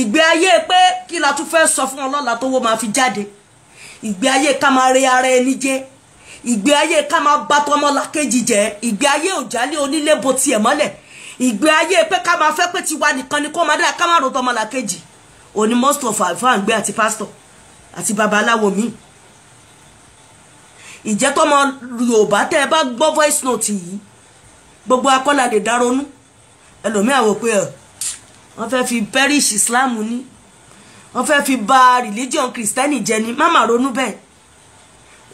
S2: ìgbé ayé pé kí la tún fẹ́ sọ fún ọlọ́lá tó wọ́ máa fi jáde ìgbé ayé ká máa re ara ẹni jẹ́ ìgbé ayé ká máa bá tọmọlàkejì jẹ ìgbé ayé òjálé onílé bo tiẹ̀ mọ́lẹ̀ ìgbé ayé pé ká máa fẹ́ pé tiwa nìkan ni kó máa dára ká máa ro tọmọlàkejì òní most of àlùfáà ń gbé àti pásítọ̀ àti babaláwo míì ìjẹ́ tọmọ Yorùbá tẹ́ ẹ bá gbọ́ voice note yìí gbogbo akọ́là lè dá ronú ẹlòmíà wò pé wọ́n fẹ́ fi perish Islam ní wọ́n fẹ́ fi bà religion Christian jẹ́ ni má má ronú bẹ́ẹ̀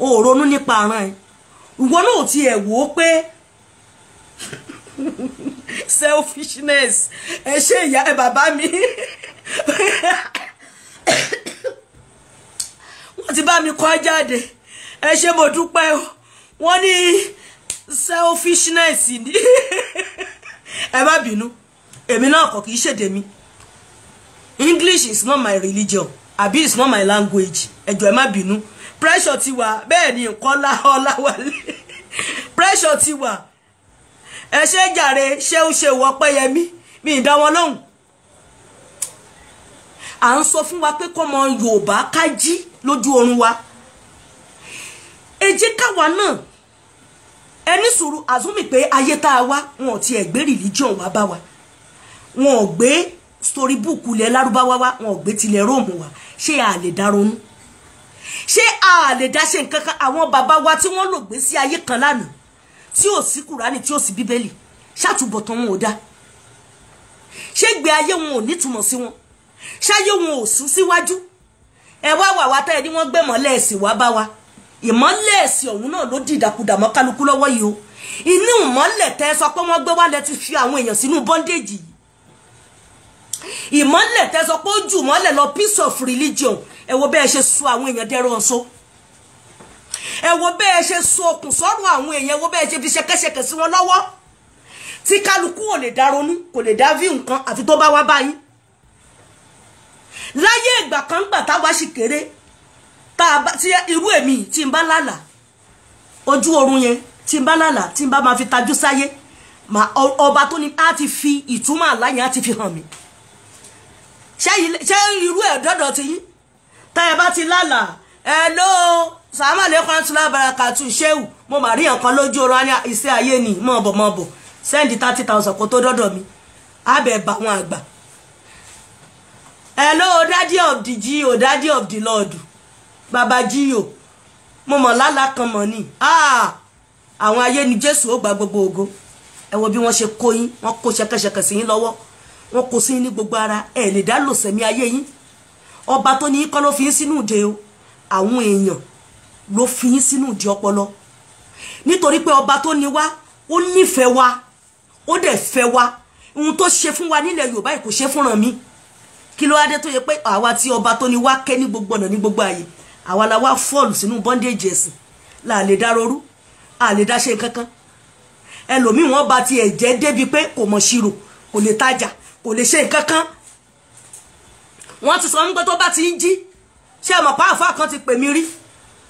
S2: o ò ronú nípa àrán ẹ ìwọ náà ò tiẹ̀ wò ó selfishness ẹ ṣe ìyá ẹ bàbá mi wọ́n ti bá mi kọ́ jáde ẹ ṣe mo dúpẹ́ o wọ́n ní selfishness ni E má bínú èmi náà kọ́ kìí ṣèdè mi English is not my religion àbí is not my language ẹ jọ̀ọ́ ẹ má pressure ti wà bẹ́ẹ̀ ni Kọ́lá Ọláwálé pressure ti wà ẹ ṣe jàre ṣé ó ṣe ìwọ Ọpẹ́yẹmí mi ìdá wọn lóhùn à ń sọ fún wa pé kọ́mọ Yorùbá ká jí lójú oorun wa ẹ jẹ́ káwa náà ẹni sùúrù àzúmì pé ayé tá a wá wọn ò tiẹ̀ gbé religion wá bá wa wọn ò gbé storybook ilẹ̀ lárúbáwá wá wọn ò gbé tilẹ̀ róòmù wá ṣé a dá ronú ṣé a lè dá ṣe nǹkan kan àwọn bàbá wa tí wọ́n lò gbé sí ayé kan lánàá tí ò sí kùránì tí ò sí bíbélì ṣàtúbọ̀tán wọn ò dá ṣé gbé ayé wọn ò nítumọ̀ sí wọn ṣáyé wọn ò sún síwájú ẹ wá wà wá táyẹ ní wọ́n gbé mọ́lẹ̀ ẹ̀sìn wá bá wa ìmọ́lẹ̀ ọ̀hún náà ló di ìdàkudà mọ́ kálukú lọ́wọ́ yìí o inú ìmọ́lẹ̀ tẹ́ sọ pé wọ́n gbé wá lẹ ti fi àwọn èèyàn sínú bọ́ndéèjì yìí ìmọ́lẹ̀ tẹ́ sọ pé ó jù mọ́lẹ̀ lọ peace of religion ẹ wo bẹ́ẹ̀ ṣe so àwọn èèyàn dẹ́rọ̀ ọ̀ṣọ́ ẹ wo bẹ́ẹ̀ ṣe so okùn sọ́rùn àwọn èèyàn ẹ wo bẹ́ẹ̀ ṣe fi ṣẹkẹ́ṣẹkẹ̀ sí wọn lọ́wọ́ tí kálukú ò lè dá ronú kò lè dá vi nǹkan àfi tó bá wá báyìí láyé ìgbà kan gbà táwa sì kéré tá a bá tí irú èmi tí n bá lálàá ojú oorun yẹn tí n bá lálàá tí n bá máa fi tajú sáyé ọba tó ní á ti fi ìtumọ̀ àlá á ti fi hàn mí ṣé irú ẹ̀ dọ́dọ̀ ti tá ẹ bá ti lálàá ẹ lóo sàmà lẹ́kọ̀ọ́ àtúnlá barakatu ṣéwù mo mà rí nǹkan lójú oorun á ní iṣẹ́ ayé ni mọ̀ọ́bọ̀ mọ̀ọ́bọ̀ sẹ́ndì thirty thousand kó tó dọ́dọ̀ mi abẹ bá wọn àgbà ẹ lóo daddy of the gio daddy of the lord baba gio mo mọ̀ lálàá kan mọ̀ ni ah, àwọn ayé ni jésù ó gba gbogbo ògo ẹ wo bí wọ́n ṣe kó yín wọ́n kó ṣẹkẹṣẹkẹ sí yín lọ́wọ́ wọ́n kó sí yín ní gbogbo ara ẹ lè dá lòsẹ̀mí ayé yín ọba tó ní kọ́ ló fi ń sínú ìdè o àwọn èèyàn ló fi ń sínú ìdè ọpọlọ nítorí pé ọba tó ní wá ó nífẹ̀ẹ́ wa ó dẹ̀ fẹ́ wa ohun tó ṣe fún wa nílẹ̀ yorùbá kò ṣe fúnra mi kí ló wá dé tó yẹ pé àwa tí ọba tó ní wá kẹ́ ní gbogbo ọ̀nà ní gbogbo ààyè àwa la wá fọ́ọ̀lù sínú bondage ẹ̀sìn là lè dá rorú à lè dá ṣe kankan ẹlòmíì wọn ba ti débi pé kò mọ̀ ṣirò kò lè tajà kò lè ṣe kankan wọ́n ti sọ wípé tó bá ti ń jí ṣé ọmọ pàáfà kan ti pè mí rí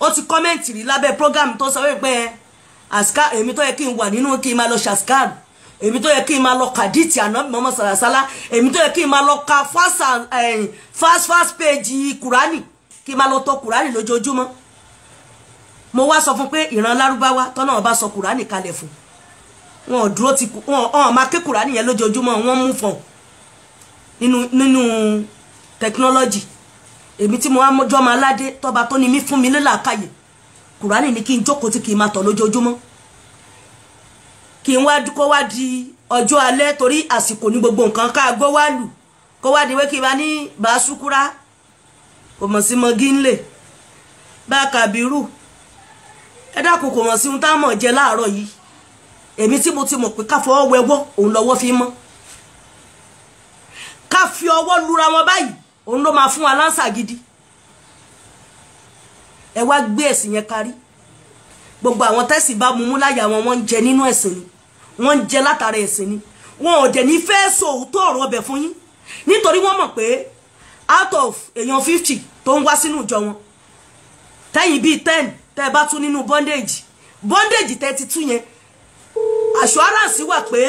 S2: ó ti kọ́mẹ́ǹtì rí lábẹ́ program tó sọ wípé àṣkà èmi tó yẹ kí n wà nínú kí n máa lọ ṣàṣkàn èmi tó yẹ kí n máa lọ kàdíìtì ànábì mọ́mọ́ sàràsálá èmi tó yẹ kí n máa lọ ka eh, fast fast page kùránì kí n máa lọ tọ kùránì lójoojúmọ́ mo wá sọ fún pé ìran lárúbáwá tọ́nà ọba sọ kùránì kalẹ̀ fún wọn ò dúró ti wọn ò máa ké kùránì yẹn lójoojúmọ́ wọn mú fọ̀n nínú technology èmi tí mo wá mọ́jọ́ máa ládé tọ́ba tó ni mí fún mi nílàákàyè kùránì ni kí n jókòó tí kì í máa tọ̀ lójoojúmọ́ kí n wá kó wá di ọjọ́ alẹ́ torí àsìkò ní gbogbo nǹkan káàgó wá lù kó wá di wé kí n bá ní bàásùkúrá kò mọ̀ sí mọ́gí ńlẹ̀ bá kàbírù ẹ dákun kò mọ̀ sí ohun táwọn mọ̀ jẹ láàárọ̀ yìí èmi tí mo ti mọ̀ pé káfọ́ wẹwọ́ òun lọ́wọ́ fi mọ́ ká fi ọwọ́ lura wọn báyìí òun ló máa fún wa lánsà gidi E wá gbé ẹ̀sìn yẹn kárí gbogbo àwọn tẹ́sì bá mumú láyà wọn wọ́n ń jẹ nínú ẹ̀sìn ni wọ́n ń jẹ látara ẹ̀sìn ni wọn ò dẹ̀ ní fẹ́ sòótọ́ ọ̀rọ̀ ọbẹ̀ fún yín nítorí wọ́n mọ̀ pé out of èèyàn fifty tó ń wá sínú ìjọ wọn tẹ́yìn bíi ten tẹ́ ẹ bá bondage bondage tẹ́ ti tú yẹn assurance wà pé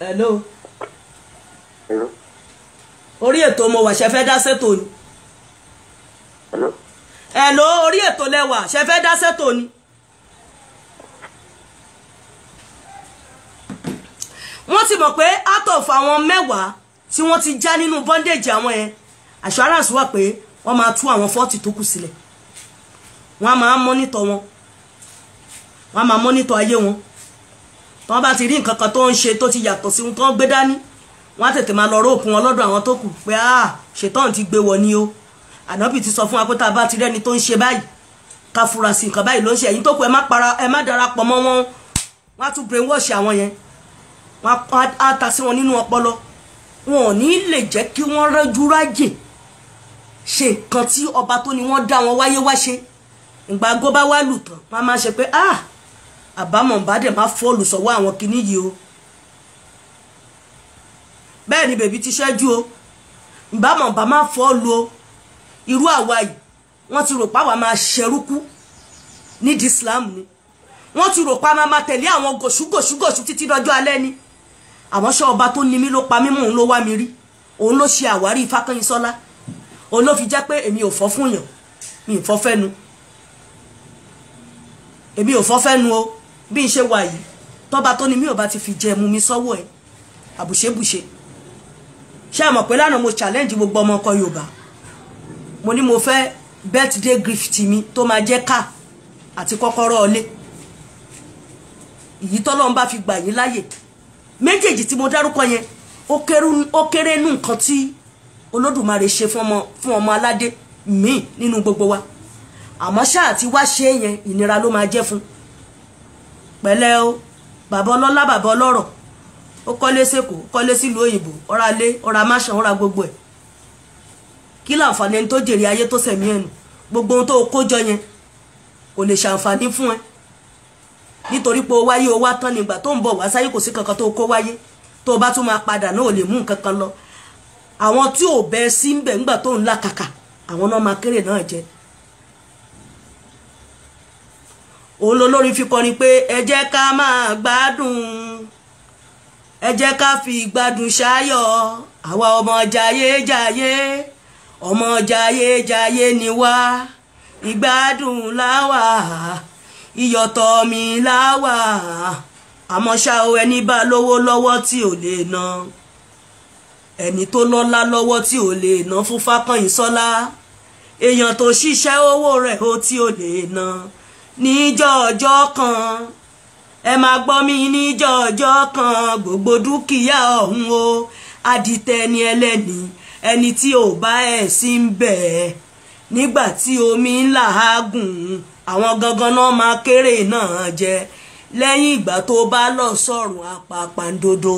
S2: hello. hello. orí ètò mo wà ṣe fẹ́ dá sẹ́tò ni. hello. hello orí ètò lẹ́wà ṣe fẹ́ dá sẹ́tò ni. wọ́n ti mọ̀ pé out àwọn mẹ́wàá tí wọ́n ti já nínú bondage àwọn yẹn assurance wà pé wọ́n máa tú àwọn fọ́ọ̀tì tó kù sílẹ̀ wọ́n á máa mọ́nítọ̀ wọn wọ́n á máa mọ́nítọ̀ ayé wọn tọ́ bá ti rí nǹkan kan tó ń ṣe tó ti yàtọ̀ sí ohun tó ń gbé dání wọ́n á tètè máa lọ róòkù wọn lọ́dọ̀ àwọn tó kù pé ah ṣètọ́n ti gbé wọ ni o ànábì ti sọ fún wa pé tá a bá ti rẹ́ni tó ń ṣe báyìí ká fura sí nǹkan báyìí ló ń ṣe ẹ̀yin tó kù ẹ má para ẹ má darapọ̀ mọ́ wọn wọ́n á tún brainwash àwọn yẹn wọ́n á ta sí wọn nínú ọpọlọ wọn ò ní lè jẹ́ kí wọ́n rẹ́jú rájè ṣe nǹkan tí ọba tó ni wọ́n dá wọn wáyé wá ṣe ìgbàgbọ́ bá wá lù tán wọ́n á máa ṣe pé ah àbámọ̀ bá dẹ̀ má fọ́ọ̀lù sọ́wọ́ àwọn kinní yìí o bẹ́ẹ̀ ni bèbí ti ṣẹ́jú o ìbámọ̀ bá má fọ́ọ̀lù o irú àwa yìí wọ́n ti rò páwa máa ṣerúkú nídìí Islam ni wọ́n ti rò pa máa máa tẹ̀lé àwọn gòṣùgòṣùgòṣù títí dọjọ́ alẹ́ ni àwọn ṣọ́ọ̀ba tó ní mí ló pa mí mò ń ló wá mi rí òun ló ṣe àwárí Ifákànyìnsọ́lá òun ló fi jẹ́ pé èmi ò fọ́ fún yàn mi ò fọ́ fẹ́nu èmi ò fọ́ fẹ́nu o bí n ṣe wà yìí tọ́ba tó ni mí ò bá ti fi jẹ mu mi sọ́wọ́ ẹ̀ àbùṣebùṣe ṣé àmọ̀ pé lánàá mo challenge gbogbo ọmọ ọkọ Yorùbá mo ní mo fẹ́ birthday gift mi tó máa jẹ́ car àti kọ́kọ́rọ́ ọlé ìyí tọ́lọ́run bá fi gbà yín láyè méjèèjì tí mo dárúkọ yẹn ó kéré nù nǹkan tí olódùmarè ṣe fún ọmọ aládé míì nínú gbogbo wa àmọ́ ṣáà tí wá ṣe yẹn ìnira ló máa jẹ́ fún un pẹ̀lẹ́ o bàbá ọlọ́lá bàbá ọlọ́rọ̀ ó kọ́lé sẹ́kọ̀ọ́ kọ́lé sílùú òyìnbó ọ̀rá lé ọ̀rá máṣà ọ̀rá gbogbo ẹ̀ kí láǹfààní ẹni tó jèrè ayé tó sẹ̀mí ẹ̀nu gbogbo ohun tó kó jọ yẹn kò lè ṣàǹfààní fún ẹ nítorí pé o wáyé o wá tán nígbà tó ń bọ̀ wá sáyé kò sí kankan tó kó wáyé tó o bá tún máa padà náà ò lè mú nǹkan kan lọ àwọn tí ò bẹ sí ń bẹ̀ ńgbà tó ń là àwọn náà máa kéré náà jẹ́ òun lolórin fi kọrin pé ẹ jẹ́ ká máa gbádùn ẹ jẹ́ ká fi gbádùn ṣáyọ̀ àwa ọmọ jayéjayé ọmọ jayéjayé ni wá ìgbádùn láwà ìyọ̀tọ̀ mi láwà àmọ́ ṣá o ẹni bá lówó lọ́wọ́ tí ò lè ná ẹni tó lọ́lá lọ́wọ́ tí ò lè ná fún Fákànyìn Sọ́lá èèyàn tó ṣiṣẹ́ owó rẹ̀ ó tí ò lè ná níjọ́ ọjọ́ kan ẹ máa gbọ́ mi níjọ́ ọjọ́ kan gbogbo dúkìá ọ̀hún o adìtẹ̀ ni ẹlẹ́ni ẹni tí ò bá ẹ̀ sí ń bẹ̀ ẹ́ nígbà tí omi ń làágùn àwọn gangan náà máa kéré náà jẹ lẹ́yìn ìgbà tó bá lọ sọ̀rùn apàpàǹdodo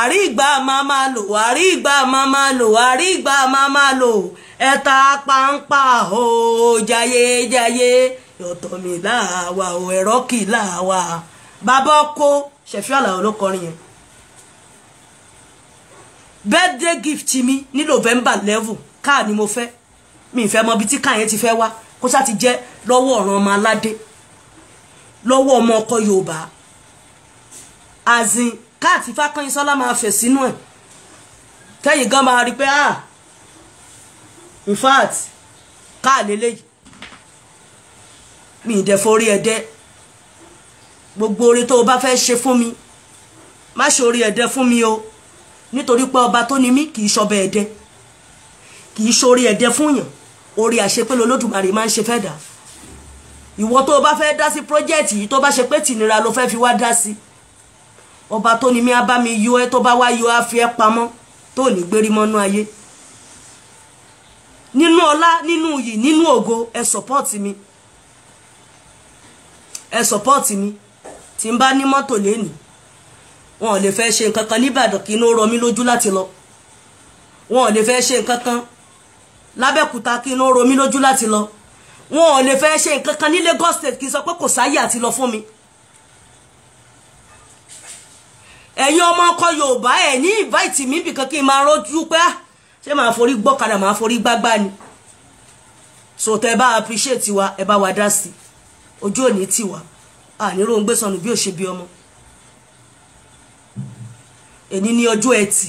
S2: àrí ìgbà máa máa lò àrí ìgbà máa máa lò àrí ìgbà máa máa lò ẹ̀ta pàǹpà ó jayé jayé ọ̀tọ̀ mi láàwà ò ẹ̀rọ kì láàwà bàbá ọkọ ṣẹ̀fí àlàó ló kọrin yẹn birthday gift mi ní november level káà ni mo fẹ́ mi ìfẹ́ mọ ibi tí káà yẹn ti fẹ́ wá kó sá ti jẹ́ lọ́wọ́ ọ̀ràn ọmọ aládé lọ́wọ́ ọmọ ọkọ yorùbá azin káà tí fákànyìn sọlá máa fẹ̀ sínú ẹ̀ kẹ́yìn gan máa rí pé ah in fact káà lélẹ́yìí mi ì dẹ̀ forí ẹ̀dẹ́ gbogbo oore tó o bá fẹ́ ṣe fún mi má ṣe orí ẹ̀dẹ́ fún mi o nítorí pé ọba tó ni mí kì í ṣọbẹ̀ ẹ̀dẹ́ kì í ṣorí ẹ̀dẹ́ fún yàn orí àṣepẹ́lẹ́ olódùmarè máa ń ṣe fẹ́ dà ìwọ tó o bá fẹ́ dá sí pọ́jẹ́ẹ̀tì yìí tó bá ṣe pé tìnira ló fẹ́ fi wá dá sí ọba tó ni mí á bá mi yọ ẹ tó bá wá yọ á fi ẹ pamọ́ tó ní gbérí mọ́nú ayé nínú ọlá nínú yìí nínú ògo ẹ sọpọ́ọ̀tì mi ẹ support mi tí n bá ní mọ́tò lẹ́nu wọn ò lè fẹ́ ṣe nǹkan kan nìbàdàn kí inú rọ mí lójú láti lọ wọn ò lè fẹ́ ṣe nǹkan kan lábẹ́kúta kí inú rọ mí lójú láti lọ wọn ò lè fẹ́ ṣe nǹkan kan ní Lagos state kí n sọ pé kò sáyè àti lọ fún mi. ẹ̀yin ọmọ ọkọ Yorùbá ẹ̀ ní invite mi bìkan kí n máa rọ́jú pé ah, ṣé màá forí gbọ́kadà màá forí gbágbá ni so bá appreciate wa ẹ bá wa dá sí i ojú òní tì wá àníró ń gbé sọnù bí ò ṣe bí ọmọ èní ní ọjọ́ ẹtì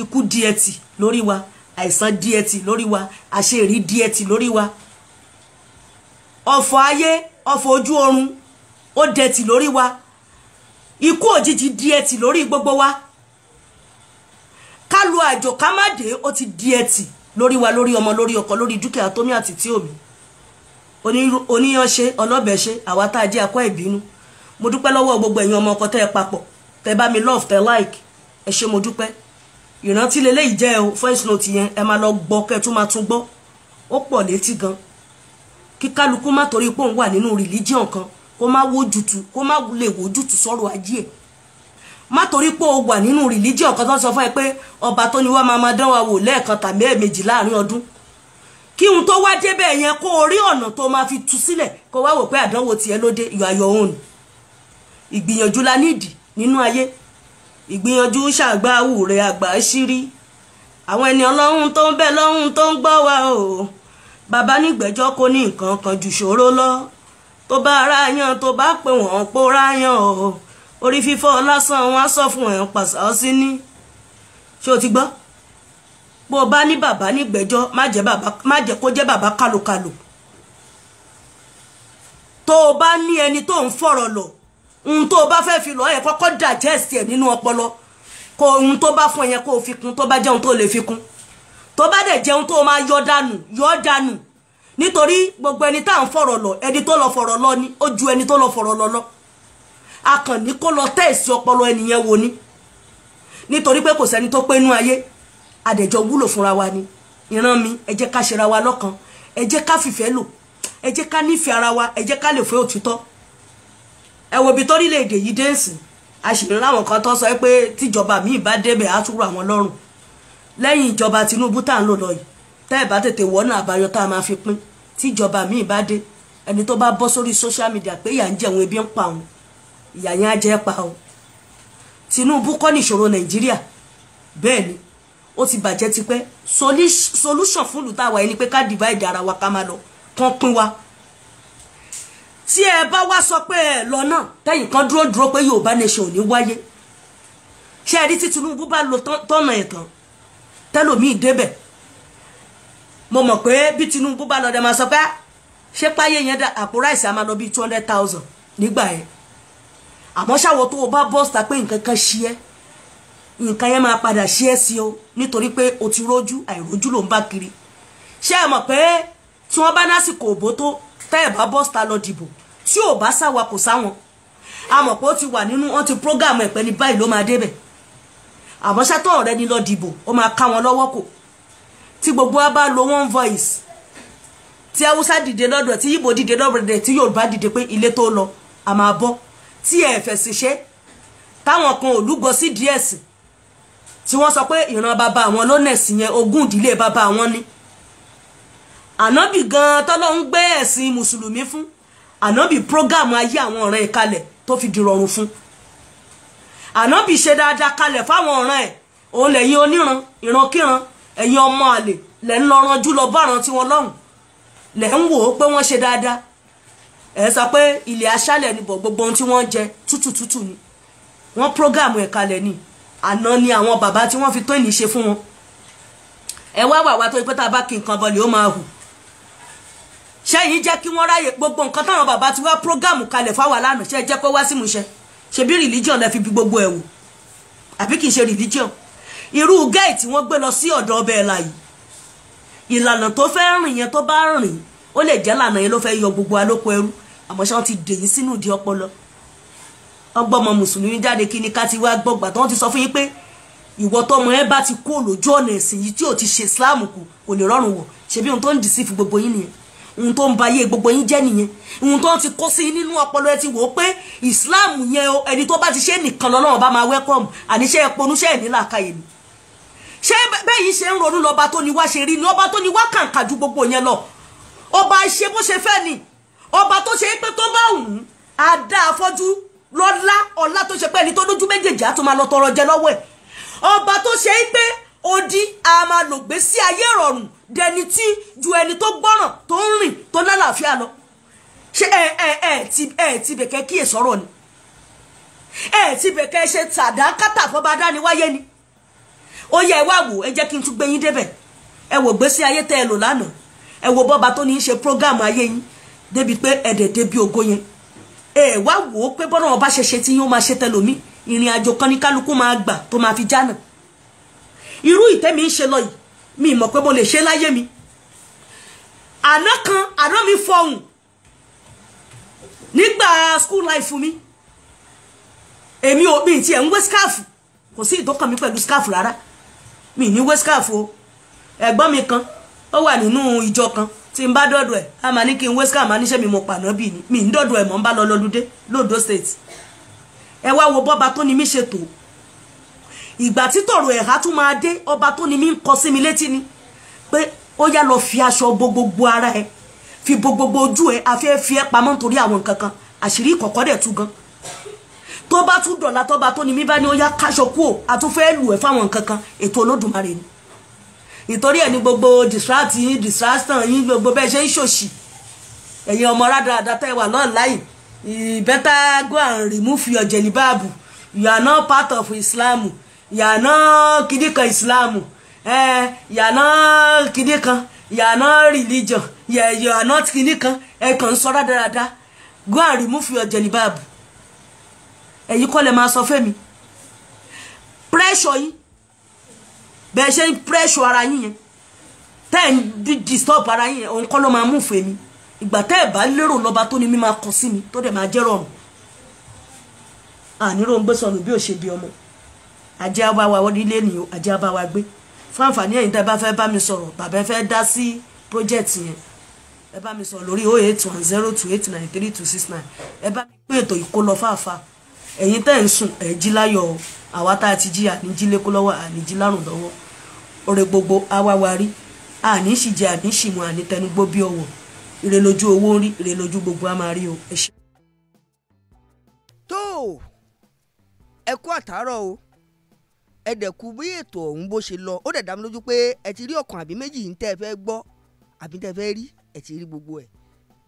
S2: ikú di ẹtì lórí wa àìsàn di ẹtì lórí wa àṣeyìrí di ẹtì lórí wa ọ̀fọ̀ ayé ọ̀fọ̀ ojú ọ̀run ó dẹtì lórí wa ikú òjijì di ẹtì lórí gbogbo wa ká lu àjò ká má dé ó ti di ẹtì lórí wa lórí ọmọ lórí ọkọ lórí dúkìá tómi àti tí omi oníyanṣe ọlọ́bẹ̀ṣe àwa tá a jẹ́ akọ́ ìbínú mo dúpẹ́ lọ́wọ́ gbogbo ẹ̀yin ọmọ ọkọ tẹ́ ẹ papọ̀ tẹ́ bá mi love tẹ́ like ẹ ṣé mo dúpẹ́ ìrántí leléyìí jẹ́ o first note yẹn ẹ máa lọ gbọ́ kẹ́ tún máa tún gbọ́ ó pọ̀ létí gan kí kálukú má torí pé òun wà nínú religion kan kó má wójútu kó má lè wójútu sọ̀rọ̀ ajé ẹ̀ má torí pé o wà nínú religion kan tó sọ fún ẹ pé ọba tó ni wá máa máa dán wa wò lẹ́ẹ̀kan tàbí ẹ̀ẹ̀mejì láàrin ọdún kí n tó wá débẹ̀ yẹn kó o rí ọ̀nà tó máa fi tú sílẹ̀ kó wá wò pé àdánwò tiẹ̀ ló dé you are your own ìgbìyànjú la nídìí nínú ayé ìgbìyànjú ṣàgbáwù rẹ̀ àgbà ṣírí àwọn ẹni ọlọ́run tó ń bẹ lọ́run tó ń gbọ́ wa o bàbá nígbẹ̀jọ́ kò ní nǹkan kan jù ṣòro lọ tó bá ara yan tó bá pè wọ́n pòórá yan o orí fífọ́ lásán wọn á sọ fún ẹ̀ ń pàṣẹ ọ sí ní ṣé o ti gbọ́ bó bá ní bàbá nígbẹ́jọ́ má jẹ́ kó jẹ́ bàbá kálòkálò tó o bá ní ẹni tó ń fọ̀rọ̀ lọ ohun tó o bá fẹ́ fi lọ ẹ̀ kọ́kọ́ digest ẹ̀ nínú ọpọlọ kó ohun tó bá fún ẹ yẹn kó o fi kún tó bá jẹ́ ohun tó lè fi kún tó bá dẹ̀ jẹ́ tó máa yọ dànù yọ dànù nítorí gbogbo ẹni tá à ń fọ̀rọ̀ lọ ẹni tó lọ fọ̀rọ̀ lọ ni ó ju ẹni tó lọ fọ̀rọ̀ lọ lọ akànnì kó lọ tẹ̀sí ọpọlọ ẹnìyẹn wo ni nítorí pé kò sẹ́ni tó pé inú ayé àdẹ̀jọ wúlò fúnra wa ni ìran mi ẹ jẹ́ ká ṣera wa lọ́kan ẹ jẹ́ ká fìfẹ́ lò ẹ jẹ́ ká nífẹ̀ẹ́ ara wa ẹ jẹ́ ká lè fẹ́ òtítọ́ ẹ wo ibi tórílẹ̀-èdè yìí dẹ́ǹsì a sì ń láwọn kan tó sọ pé tíjọba mi bá débẹ̀ á túrò àwọn lọ́rùn lẹ́yìn ìjọba Tinubu tá à ń lò lọ yìí tá ẹ̀ bá tètè wọ́nà àbáyọ tá a máa fi pín tíjọba míì bá dé ẹni tó bá bọ́ sórí social media pé ìyà ń jẹun ebi ń pa òun ìyà yẹn á jẹ́ pa òun Tinubu kọ́ nìṣòro Nàìjíríà bẹ́ẹ̀ ni ó ti bàjẹ́ tipẹ́ solution fún ìlú táwa yìí ni pé ká divide ara wa ká máa lọ kán pín wa tí ẹ bá wá sọ pé ẹ lọ náà tẹ̀yìn kan dúró dúró pé Yorùbá nation ò ní wáyé ṣé ẹ rí tí Tinubu bá lo tọ́nà ẹ̀ tán tẹ́lòmíì débẹ̀ mo mọ̀ pé bí Tinubu bá lọ dẹ̀ máa sọ pé ah, ṣé páyé yẹn àpò ráìsì a máa lọ bíi two hundred thousand nígbà yẹn àmọ́ ṣàwọ̀ tó o bá bọ́ síta pé nǹkan kan ṣe ẹ́ nǹkan yẹn máa padà ṣe é sí o nítorí pé o ti rójú àìrójú ló ń bá kiri ṣé ẹ mọ̀ pé tí wọ́n bá lásìkò òbó tó tẹ́ ẹ̀ bá bọ́sítà lọ dìbò tí ò bá sáwa kò sáwọn a mọ̀ pé ó ti wà nínú wọn ti prógáàmù ẹ̀pẹ́ ní báyìí ló máa débẹ̀ àmọ́ ṣátọ́ ọ̀rẹ́ ni lọ dìbò ó máa ká wọn lọ́wọ́ kò tí gbogbo wa bá lo one voice tí haúsá dìde lọ́dọ̀ tí yíbo dìde lọ́dọ̀ tí yorùbá dìde pé ilé tó lọ a máa tí ẹ̀ fẹ̀sì ṣe táwọn kan ò lúgọ sí díẹ̀ sí tí wọ́n sọ pé ìran bàbá àwọn ló nẹ̀sìn yẹn ogún ìdílé bàbá àwọn ni ànábì gan tọ́lọ́ ń gbé ẹ̀sìn mùsùlùmí fún ànábì prógámù ayé àwọn ọ̀ràn ẹ̀ kalẹ̀ tó fi dìrọ̀rùn fún ànábì ṣe dáadáa kalẹ̀ fáwọn ọ̀ràn ẹ̀ òun lẹ́yìn oníran ìrankíran ẹ̀yin ọmọ àlè lẹ́ ń lọ ranjú lọ báràn tiwọn lọ́hùn lẹ́ ń wò ó pé wọ́n ṣe dáadáa ẹ̀ sọ pé ilẹ̀ aṣálẹ̀ ni bọ̀ gbogbo ohun tí wọ́n jẹ tútù tútù ni wọ́n prógámù ẹ̀ kalẹ̀ ni àná ni àwọn bàbá tí wọ́n fi tó ìní ṣe fún wọn ẹ wá wà wá tó pé tá a bá kí nǹkan bọ̀lì ó máa hù ṣẹ́yìn jẹ́ kí wọ́n ráyè gbogbo nǹkan táwọn bàbá ti wá prógámù kalẹ̀ fáwa lánàá ṣe jẹ́ kó wá sí ìmúṣẹ ṣebí religion lẹ fi bí gbogbo ẹ̀ wò àbí kì í ṣe religion irú gẹ́ẹ̀tì wọ́n gbé lọ sí ọ̀dọ̀ ọbẹ̀ ẹ̀la yìí ìlànà tó fẹ́ rìn yẹn tó bá rìn ó lè jẹ́ lànà yẹn ló fẹ́ yọ gbogbo alóko ẹrú àmọ́ ṣé wọ́n ti dèyí sínú ìdí ọpọlọ ọgbọ́mọ mùsùlùmí jáde kí ni ká ti wá gbọ́gbà tó wọ́n ti sọ fún yín pé ìwọ tọmọ ẹ bá ti kú òlójú ọ̀nà ẹ̀sìn yìí tí ò ti ṣe islam kù kò lè rọrùn wọ̀ ṣebí ohun tó ń dì sí fún gbogbo yín nìyẹn ohun tó ń ba ayé gbogbo yín jẹ́ nìyẹn ohun tó ti kó sí nínú ọpọlọ ẹ ti wò ó pé islam yẹn o ẹni tó bá ti ṣe nìkan lọ́lọ́run bá máa wẹ́kọ̀mù àníṣe ẹ̀pọ̀núṣẹ́ ẹ̀ nílà káyè ni ṣé bẹ́yìn ṣe ń ronú lọ́ba tó ni wá ṣe rí ni ọba tó ni wá kàǹkà ju gbogbo yẹn lọ ọba ṣe bó ṣe fẹ́ ni ọba tó ṣe pé tó bá wù ú á dá afọ́jú lọ́lá ọ̀la tó ṣe pé ẹni tó lójú méjèèjì á tún máa lọ tọrọ jẹ lọ́wọ́ ẹ̀ ọba tó ṣe é pé odi a máa lògbé sí ayé ìrọ̀rùn dẹni tí ju ẹni tó gbọ́ràn tó ń rìn tó lálàáfíà lọ ṣé ẹ ẹ ẹ ti ẹ ti bẹ̀kẹ́ kíyè sọ̀rọ̀ ni ẹ ti bẹ̀kẹ́ ṣe tàdákàtà fọba dániwáyé ni ó yẹ ẹ wá wò ẹ jẹ́ kí n tún gbé yín débẹ̀ ẹ wò gbésí ayé tẹ́ ẹ lò lánàá ẹ wò bọ́ba tó ní í ṣe prógáàmù ayé yín débi pé ẹ̀dẹ̀ débi ògo yẹn ẹ wá wò ó pé bọ́nà ọba ṣe ṣe tí yín ó máa ṣe tẹlomi ìrìn àjò kan ní kálukú máa gbà tó máa fi jánà irú ìtẹ́mi ń ṣe lọ yìí mi mọ̀ pé mo lè ṣe láyé mi àná kan àná mi fọhùn nígbà school life mi èmi ò mi tiẹ̀ ń wé skáàfù kò sí ìdókàn mi pẹ̀lú skáàfù rárá mi ní wé skáàfù ẹ̀gbọ́n mi kan ó wà nínú ìjọ kan tí n bá dọ̀dọ̀ ẹ̀ a máa ní kí n wé scar máa níṣẹ́ mi mo pàná bì ní mi ń dọ̀dọ̀ ẹ̀ mọ́ ń bá lọ lọ́dúndé lódò state ẹ wá wo bọ́ba tó ni mí ṣètò ìgbà tí tọ̀rọ̀ ẹ̀há tún máa dé ọba tó ni mí ń kọ sí mi létí ni pé ó yá lọ fi aṣọ bo gbogbo ara ẹ fi bo gbogbo ojú ẹ afẹ́ fi ẹ pamọ́ nítorí àwọn nǹkan kan àṣírí ìkọ̀kọ́ dẹ̀ tú gan tó bá tún dọ̀la tọ́ba tó ni mí bá ní ó yá káṣọ kú ò àtúnfẹ́ lù ẹ fáwọn nǹkan kan ètò Olódùmarè ni ìtorí ẹ̀ ní gbogbo distract yín distraction yín gbogbo bẹ́ẹ̀ ṣe ń ṣòṣì ẹ̀yin ọmọ rádaràda tẹ́ wà náà láì better go and remove your jelibab you are not part of Islam you are not kìdí kan Islam eh, you are not kìdí kan you are not religion yeah, you are not kìdí kan ẹ kàn ń sọ rádaràda go and remove your jelibab ẹ̀yin kọ́ lè máa sọ fẹ́mi pressure yìí bẹ́ẹ̀ ṣe ń pressure ara yín yẹn tẹ́ ẹ̀ ń disturb ara yín yẹn òun kọ́ ló máa mú fèmí ìgbà tẹ́ ẹ̀ bá lérò lọ́ba tó ní mi máa kọ sí mi tó dẹ̀ máa jẹ́ rọrùn àníró ń gbé sọnù bí ò ṣe bí ọmọ ajé abáwa onílé nìyó ajé abáwa gbé fún àǹfààní ẹ̀yin tẹ́ bá fẹ́ bá mi sọ̀rọ̀ bàbá ẹ fẹ́ dá sí project yẹn ẹ bá mi sọ̀rọ̀ lórí oh eight one zero two eight nine three two six nine ẹ bá mi pé ètò ìkólọ fáfá ẹ̀yin tẹ́ ń sùn ẹ̀ jí láyọ̀ o àwa tá a ti jí àníjí lékó lọ́wọ́ àníjí lárùn lọ́wọ́ ọ̀rẹ́ gbogbo awáwarí àní sì àní sì mu àní tẹnugbó bí ọwọ́ ire lójú owó ń rí ire lójú gbogbo a máa rí o ẹ ṣe.
S1: tó o ẹ kú àtàárọ̀ o ẹ dẹ̀kú bí ètò ọ̀hún bó ṣe lọ ó dẹ̀ dá mi lójú pé ẹ ti rí ọ̀kan àbí méjì ń tẹ́ ẹ fẹ́ gbọ́ àbí tẹ́ ẹ fẹ́ rí ẹ ti rí gbogbo ẹ̀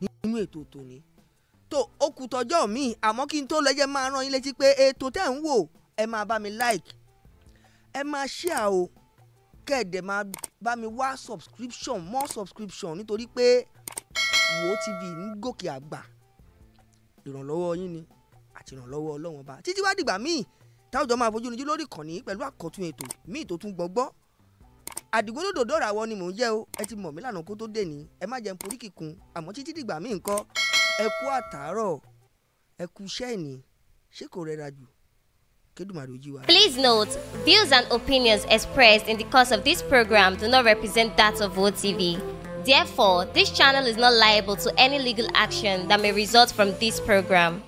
S1: nínú ètò tòní. tó o kù tọjọ́ mi àmọ́ kí n tó lọ jẹ́ máa rán yín létí pé ètò tẹ́ ń wò ẹ máa bá mi like ẹ máa share o kẹ̀dẹ̀ máa bá mi wá subscription more subscription nítorí pé wo tv ń gòkè àgbà ìrànlọ́wọ́ yín ni àti ìrànlọ́wọ́ ọlọ́wọ́n bá títí wá dìgbà míì táwọn jọ máa fojú níjú lórí ìkànnì pẹ̀lú àkọ́tún ètò míì tó tún gbọ́ngbọ́n àdìgbòlódòdó ọ̀rọ̀ ni mò ń jẹ́ o ẹ ti mọ̀ mí lànà kó tó dé ní ẹ má jẹun porí kíkun àmọ́ títí dìgbà míì ńkọ́ ẹ kú àtàárọ̀ ẹ kú iṣẹ́ ìní ṣé kò rẹra jù Please note, views and opinions expressed in the course of this program do not represent that of OTV. Therefore, this channel is not liable to any legal action that may result from this
S3: program.